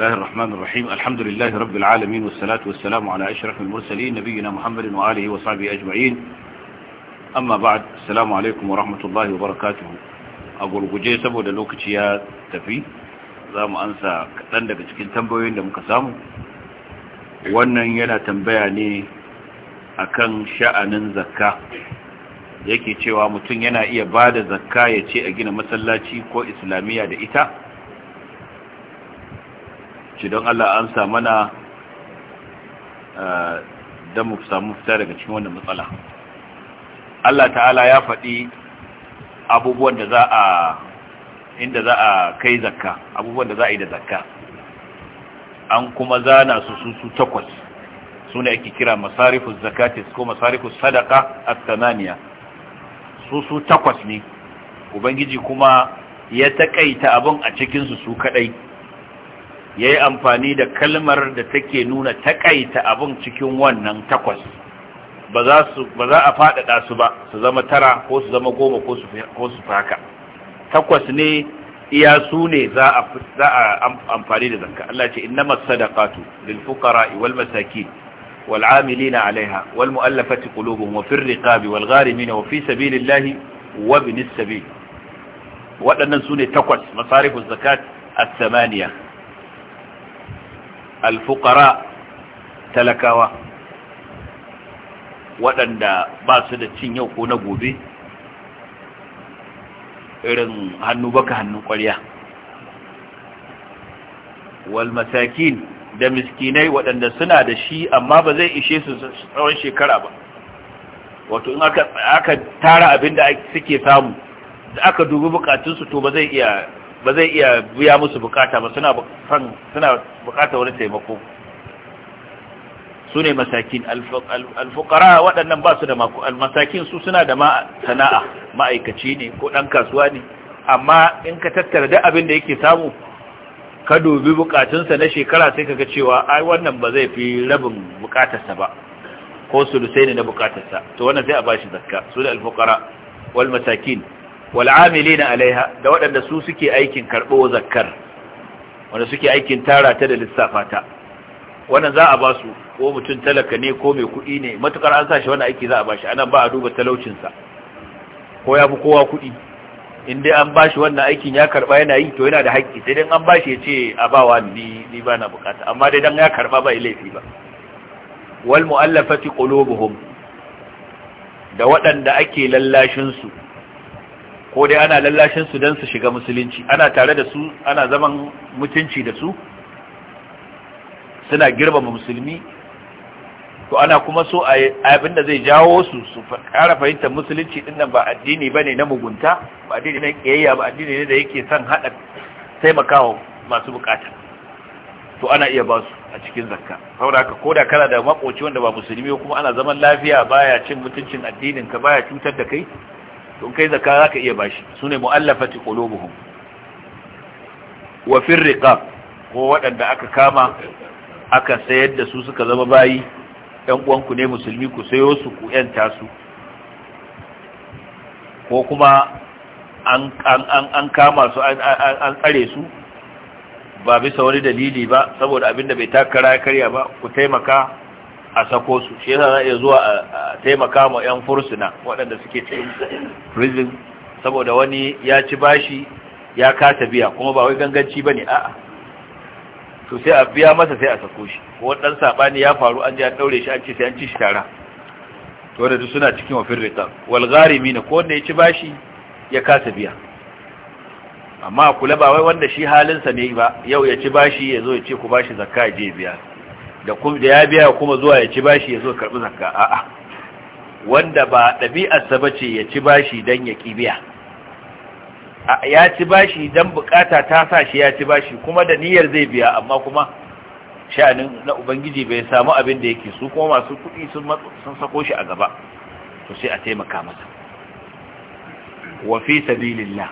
الله الرحمن الرحيم الحمد لله رب العالمين والصلاة والسلام على أشرف المرسلين نبينا محمد وآله وصحبه أجمعين أما بعد السلام عليكم ورحمة الله وبركاته أقول قجي سبو دلوك تيا تفي زام أنسى كتندك تكين تنبوين لم كسام وانا ينا تنبيعني أكن شأن زكاة yake cewa mutum yana iya ba da zakka ya ce a gina masallaci ko islamiyya da ita ce don Allah an sa mana eh, don mu samu fita daga cikin wannan matsala Allah ta'ala ya faɗi abubuwan da za a inda za a kai zakka abubuwan da za a yi da zakka an kuma zana su su su takwas su ne ake kira masarifus zakatis ko masarifus sadaka a tamaniya su su takwas ne ubangiji kuma ya takaita abin a cikin su su kadai ya yi amfani da kalmar da take nuna takaita abin cikin wannan takwas ba za a faɗaɗa su ba su zama tara ko su zama goma ko su faka takwas ne iya su ne za a amfani da zanka Allah ce inna masadaqatu lil fuqara wal masakin wal amilina alaiha wal mu'allafati qulubuhum wa fir riqabi wal gharimin wa fi sabilillahi wa ibnis sabil waɗannan su ne takwas masarifuz zakat as-samaniya alfukara talakawa waɗanda ba su da cin yau ko na gobe irin hannu baka hannun ƙwarya walmasakin da miskinai waɗanda suna da shi amma ba zai ishe su tsawon shekara ba wato in aka tara abin da suke samu da aka dubi bukatunsu to ba zai iya ba zai iya biya musu bukata ba suna bukata wani taimako su ne masakin alfukara waɗannan ba su da masakin su suna da sana'a ma'aikaci ne ko ɗan kasuwa ne amma in ka tattara da abin da yake samu ka dubi bukatunsa na shekara sai ka ga cewa ai wannan ba zai fi rabin bukatarsa ba ko sulusai ne na bukatarsa to wannan sai a bashi zakka su da alfukara wal masakin na alaiha da waɗanda su suke aikin karɓo zakkar wanda suke aikin tara ta da lissafa ta wannan za a ba su ko mutum talaka ne ko mai kuɗi ne matukar an sashi wani aiki za a ba shi anan ba a duba talaucinsa ko ya fi kowa kuɗi in dai an ba shi wannan aikin ya karɓa yana yi to yana da haƙƙi sai dai an ba shi ya ce a ba wa ni ni ba na bukata amma dai dan ya karɓa ba laifi ba wal mu'allafati qulubuhum da waɗanda ake lallashin su ko dai ana lallashin su don su shiga musulunci ana tare da su ana zaman mutunci da su suna girmama musulmi to ana kuma so abin da zai jawo su su kara fahimtar musulunci din nan ba addini bane na mugunta ba addini na kiyayya ba addini ne da yake son hada taimakawa masu bukata to ana iya ba su a cikin zakka saboda haka koda kana da makoci wanda ba musulmi kuma ana zaman lafiya baya cin mutuncin addinin ka baya cutar da kai To kai zakka zaka iya bashi sune mu'allafati qulubuhum wa fir ko waɗanda aka kama aka sayar da su suka zama bayi ɗan uwanku ne musulmi ku sayo su ku yanta su ko kuma an an an kama su an tsare su ba bisa wani dalili ba saboda abinda bai takara ya karya ba ku taimaka a sako su shi yasa za iya zuwa a taimaka ma yan fursuna waɗanda suke cikin prison saboda wani ya ci bashi ya kasa biya kuma ba wai ganganci ba ne a'a to sai a biya masa sai a sako shi ko dan sabani ya faru an ji an daure shi an ce sai an ci shi tara to da suna cikin wafin riqab wal gharimin ko wanda ya ci bashi ya kasa biya amma kula ba wai wanda shi halinsa ne ba yau ya ci bashi ya zo ya ce ku bashi zakka je biya da ya biya kuma zuwa ya ci bashi ya zo karbi zakka a'a wanda ba ɗabi'arsa ba ce ya ci bashi dan ya kibiya biya ya ci bashi dan bukata ta sa shi ya ci bashi kuma da niyyar zai biya amma kuma sha'anin na ubangiji bai samu abin da yake su kuma masu kuɗi sun sako shi a gaba to sai a taimaka masa wa fi sabilillah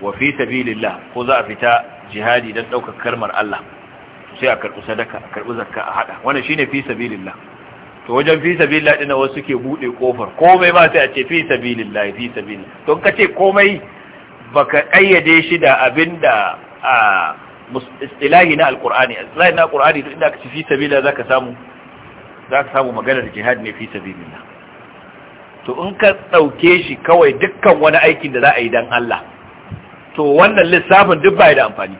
wa fi sabilillah ko za a fita jihadi dan ɗaukar karmar Allah sai a karɓi sadaka a karɓi zakka a haɗa wannan shine fi sabilillah to wajen fi sabilillah din wasu ke bude kofar komai ma sai a ce fi sabilillah fi sabilillah ka kace komai baka kayyade shi da abinda a istilahi na alqur'ani istilahi na alqur'ani duk inda kace fi sabilillah zaka samu zaka samu maganar jihad ne fi sabilillah to in ka dauke shi kawai dukkan wani aikin da za a yi dan Allah to wannan lissafin duk bai da amfani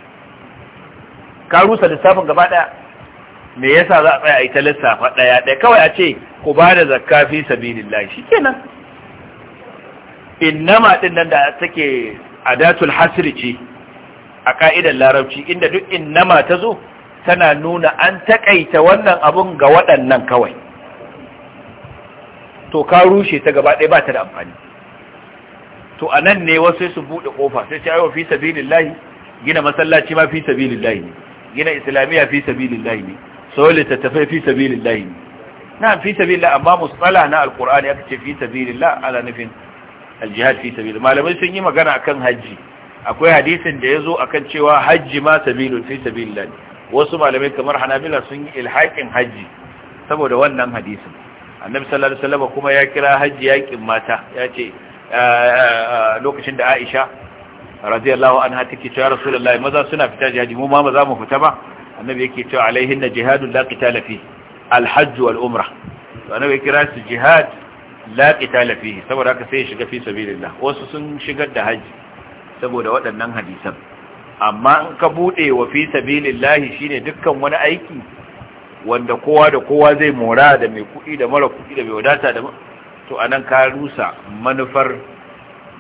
ka rusa lissafin gaba daya me yasa za a tsaya a yi ta lissafa ɗaya daya kawai a ce ku ba da zakka fi sabilillah shikenan innama din nan da take adatul hasri ce a ka'idar larabci inda duk innama ta zo tana nuna an takaita wannan abun ga waɗannan kawai to ka rushe ta gaba ɗaya ba ta da amfani to a nan ne wasu su buɗe ƙofa sai ce aiwa fi sabilillahi gina masallaci ma fi sabilillahi ne gina islamiyya fi sabilillahi ne sau littattafai fi sabilillahi ne na fi sabilillah amma musala na alkur'ani aka ce fi sabilillah ala nufin aljihad fi sabilillah malamai sun yi magana akan hajji akwai hadisin da ya zo akan cewa hajji ma sabilun fi sabilillah wasu malamai kamar hanabila sun yi ilhaƙin hajji saboda wannan hadisin annabi sallallahu alaihi kuma ya kira hajji yaƙin mata ya ce ah, ah, ah, lokacin da Aisha radiyallahu anha take cewa rasulullahi maza suna fita jihadi mu ma maza mu fita ba annabi yake cewa alaihin na jihadun la qitala fi alhajj wal umra to annabi kira su jihad la qitala fi saboda haka sai ya shiga fi sabilillah wasu sun shigar da haji saboda waɗannan hadisan amma in ka bude wa fi sabilillah shine dukkan wani aiki wanda kowa da kowa zai mora da mai kuɗi da mara kuɗi da mai wadata da to anan ka rusa manufar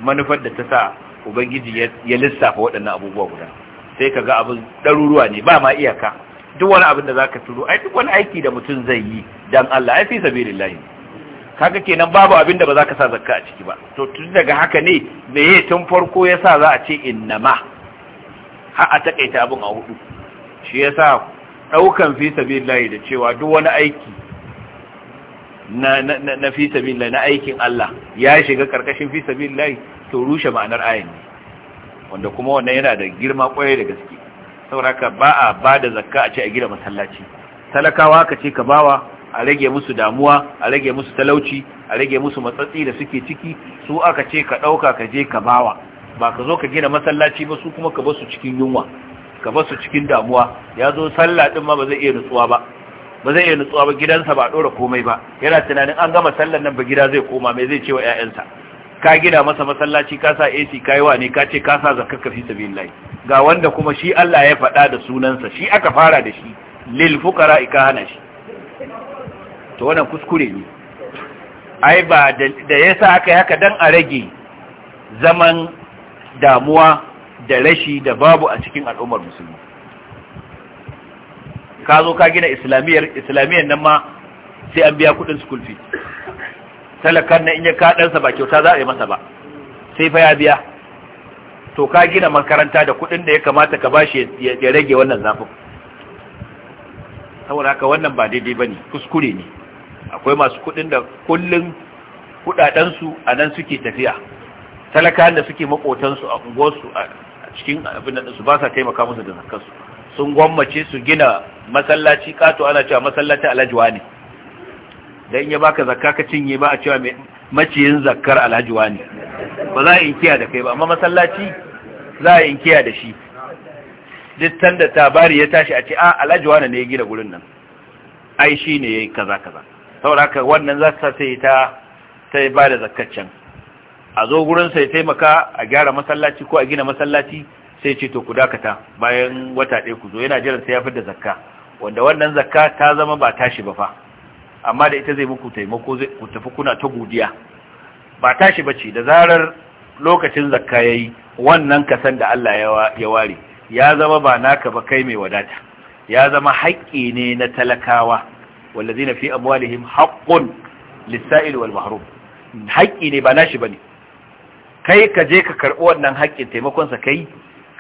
manufar da ta sa ubangiji ya lissafa waɗannan abubuwa guda sai ka ga abin ɗaruruwa ne ba ma iyaka duk wani abin da za ka turo ai duk wani aiki da mutum zai yi don Allah ai fi sabilillahi kaga kenan babu abin da ba za ka sa zakka a ciki ba to tun daga haka ne meye tun farko ya sa za a ce innama har a takaita abin a hudu shi ya sa ɗaukan fi sabilillahi da cewa duk wani aiki na na na fi sabilillahi na aikin Allah ya shiga karkashin fi sabilillahi to rushe ma'anar ayin ne wanda kuma wannan yana da girma kwaye da gaske sauraka ba a ba da zakka a ce a gina masallaci talakawa ka ce ka bawa a rage musu damuwa a rage musu talauci a rage musu matsatsi da suke ciki su aka ce ka ɗauka ka je ka bawa ba ka zo ka gina masallaci ba su kuma ka su cikin yunwa ka su cikin damuwa ya zo sallah ɗin ma ba zai iya nutsuwa ba ba zai iya nutsuwa ba gidansa ba a ɗora komai ba yana tunanin an gama sallan nan ba gida zai koma mai zai ce wa 'ya'yansa ka gina masa masallaci ka sa AC kai wa ne ka ce ka sa zakka fi sabilillah ga wanda kuma shi Allah ya faɗa da sunansa shi aka fara da shi lil fuqara ka hana shi to wannan kuskure ne ai ba da yasa aka yi haka dan a rage zaman damuwa da rashi da babu a cikin al'ummar musulmi ka zo ka gina islamiyar islamiyar nan ma sai an biya kuɗin school fee talakan nan in ya kaɗansa ba kyauta za a yi masa ba sai fa ya biya to ka gina makaranta da kuɗin da ya kamata ka bashi ya rage wannan zafin saboda haka wannan ba daidai ba ne kuskure ne akwai masu kuɗin da kullum kuɗaɗensu a nan suke tafiya talakan da suke maƙotansu a unguwarsu a cikin abin da su ba sa taimaka musu da zakarsu sun gwammace su gina masallaci kato ana cewa masallaci alajuwa ne Da in ya baka zakka ka cinye ba a cewa maciyin zakkar alhaji wani ba za a inkiya da kai ba amma masallaci za a inkiya da shi duk da tabari ya tashi a ce a ah, alhaji ne ya gina gurin nan ai shi ne ya yi kaza kaza saboda haka wannan za ta sai ta ta ba da zakkaccen a zo gurin sai taimaka a gyara masallaci ko a gina masallaci sai ce to ku dakata bayan wata ɗaya ku zo yana jiran sai ya fi da zakka wanda wannan zakka ta zama ba tashi ba fa amma da ita zai muku taimako zai ku tafi kuna ta godiya ba tashi bace da zarar lokacin zakka yayi wannan kasan da Allah ya ware ya zama ba naka ba kai mai wadata ya zama haƙƙi ne na talakawa wallazina fi amwalihim haqqun lis-sa'il wal mahrum haƙƙi ne ba nashi bane kai ka je ka karbi wannan haƙƙin taimakon sa kai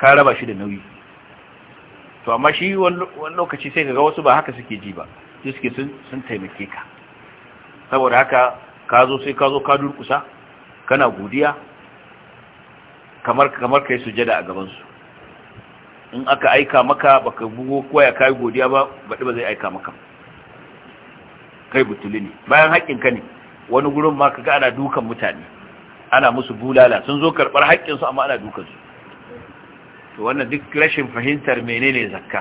ka raba shi da nauyi to amma shi wani lokaci sai kaga wasu ba haka suke ji ba sai suke sun taimake ka saboda haka ka zo sai ka zo ka durkusa kana godiya kamar kamar kai sujada a gaban in aka aika maka baka bugo ya kai godiya ba baɗi ba zai aika maka kai butuli ne bayan haƙƙin ka ne wani gurin ma kaga ana dukan mutane ana musu bulala sun zo karɓar haƙƙin su amma ana dukan su to wannan duk rashin fahimtar menene zakka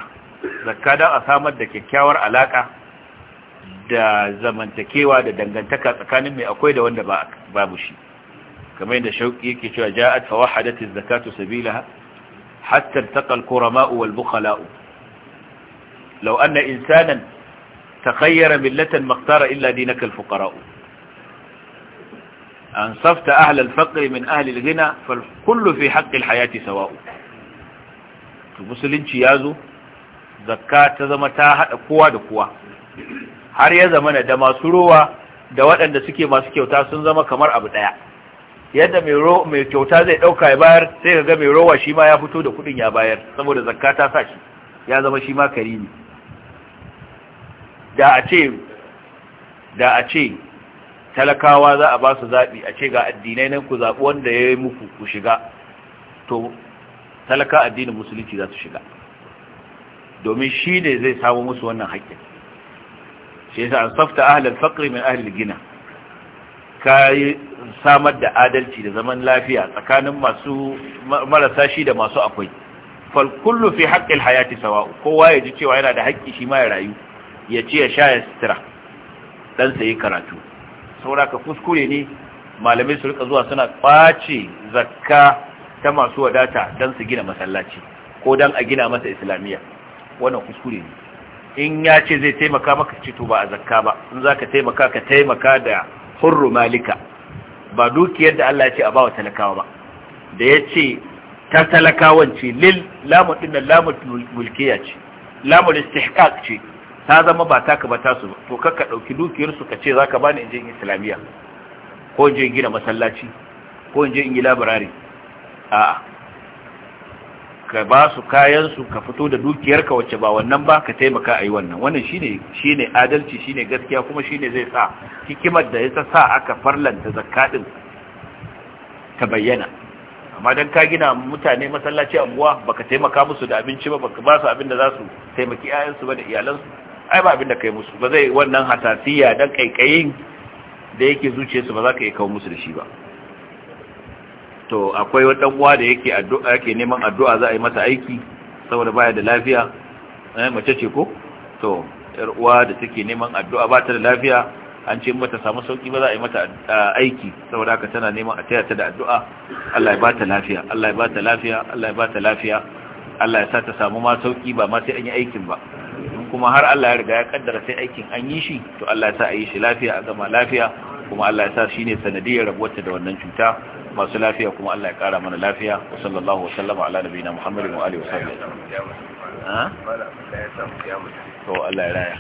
zakka don a samar da kyakkyawar alaka da zamantakewa da dangantaka tsakanin mai akwai da wanda babu shi kamar yadda shauki yake cewa ja'at fa wahadatiz zakatu sabilaha hatta taqal qurama'u wal bukhala'u law anna insanan takhayyara millatan maqtara illa dinaka al fuqara'u ansafta ahla al faqr min ahli al ghina fal kullu fi haqqi al hayati sawa'u to musulunci yazo zakka ta zama ta hada kowa da kowa har ya zama da masu rowa da waɗanda suke masu kyauta sun zama kamar abu ɗaya yadda mai kyauta zai ɗauka ya bayar sai ga mai rowa shi ma ya fito da kuɗin ya bayar saboda zakka ta sa shi ya zama shi ma kari ne da a ce da a ce talakawa za a ba su zaɓi a ce ga addinai nan ku zaɓi wanda ya yi muku ku shiga to talaka addinin musulunci za su shiga domin shi ne zai samu musu wannan haƙƙin shi yasa an safta ahlal mai min gina ka samar da adalci da zaman lafiya tsakanin masu marasa shi da masu akwai fal kullu fi haqqil hayati sawa kowa ya ji cewa yana da haƙƙi shi ma ya rayu ya ce ya sha ya sitira dan sa yi karatu saboda ka kuskure ne malamai su rika zuwa suna kwace zakka ta masu wadata dan su gina masallaci ko dan a gina masa islamiyya wannan kuskure ne in ya ce zai taimaka maka ce to ba a zakka ba in za ka taimaka ka taimaka da hurru malika ba dukiyar da Allah ya ce a bawa talakawa ba da ya ce ta talakawan ce lil Lamu ɗin nan Lamu mulkiya ce Lamu istihqaq ce ta zama ba taka ba tasu ba to kakka dauki dukiyar ka ce za ka bani in je in ko in gina masallaci ko in in yi labarari a'a ka ba su kayan su ka fito da dukiyarka wacce ba wannan ba ka taimaka a wannan wannan shine shine adalci shine gaskiya kuma shine zai sa hikimar da ya sa aka farlanta zakatin ta bayyana amma dan ka gina mutane masallaci anguwa baka taimaka musu da abinci ba baka ba su abin da za su taimaki su ba da iyalansu ai ba abin da kai musu ba zai wannan hasasiya dan kaikayin da yake zuciyarsu ba za ka iya kawo musu da shi ba to akwai wata uwa da yake addu'a yake neman addu'a za a yi mata aiki saboda baya da lafiya eh mace ce ko to yar uwa da take neman addu'a ba ta da lafiya an ce mata samu sauki ba za a yi mata aiki saboda haka tana neman a taya ta da addu'a Allah ya ba ta lafiya Allah ya ba ta lafiya Allah ya ba ta lafiya Allah ya sa ta samu ma sauki ba ma sai an yi aikin ba kuma har Allah ya riga ya kaddara sai aikin an yi shi to Allah ya sa a yi shi lafiya a gama lafiya kuma Allah ya sa shine sanadiyar ta da wannan cuta masu lafiya kuma Allah ya ƙara mana lafiya wa sallallahu wa sallama ala nabiyina Muhammadin wa alihi wa Allah ya raya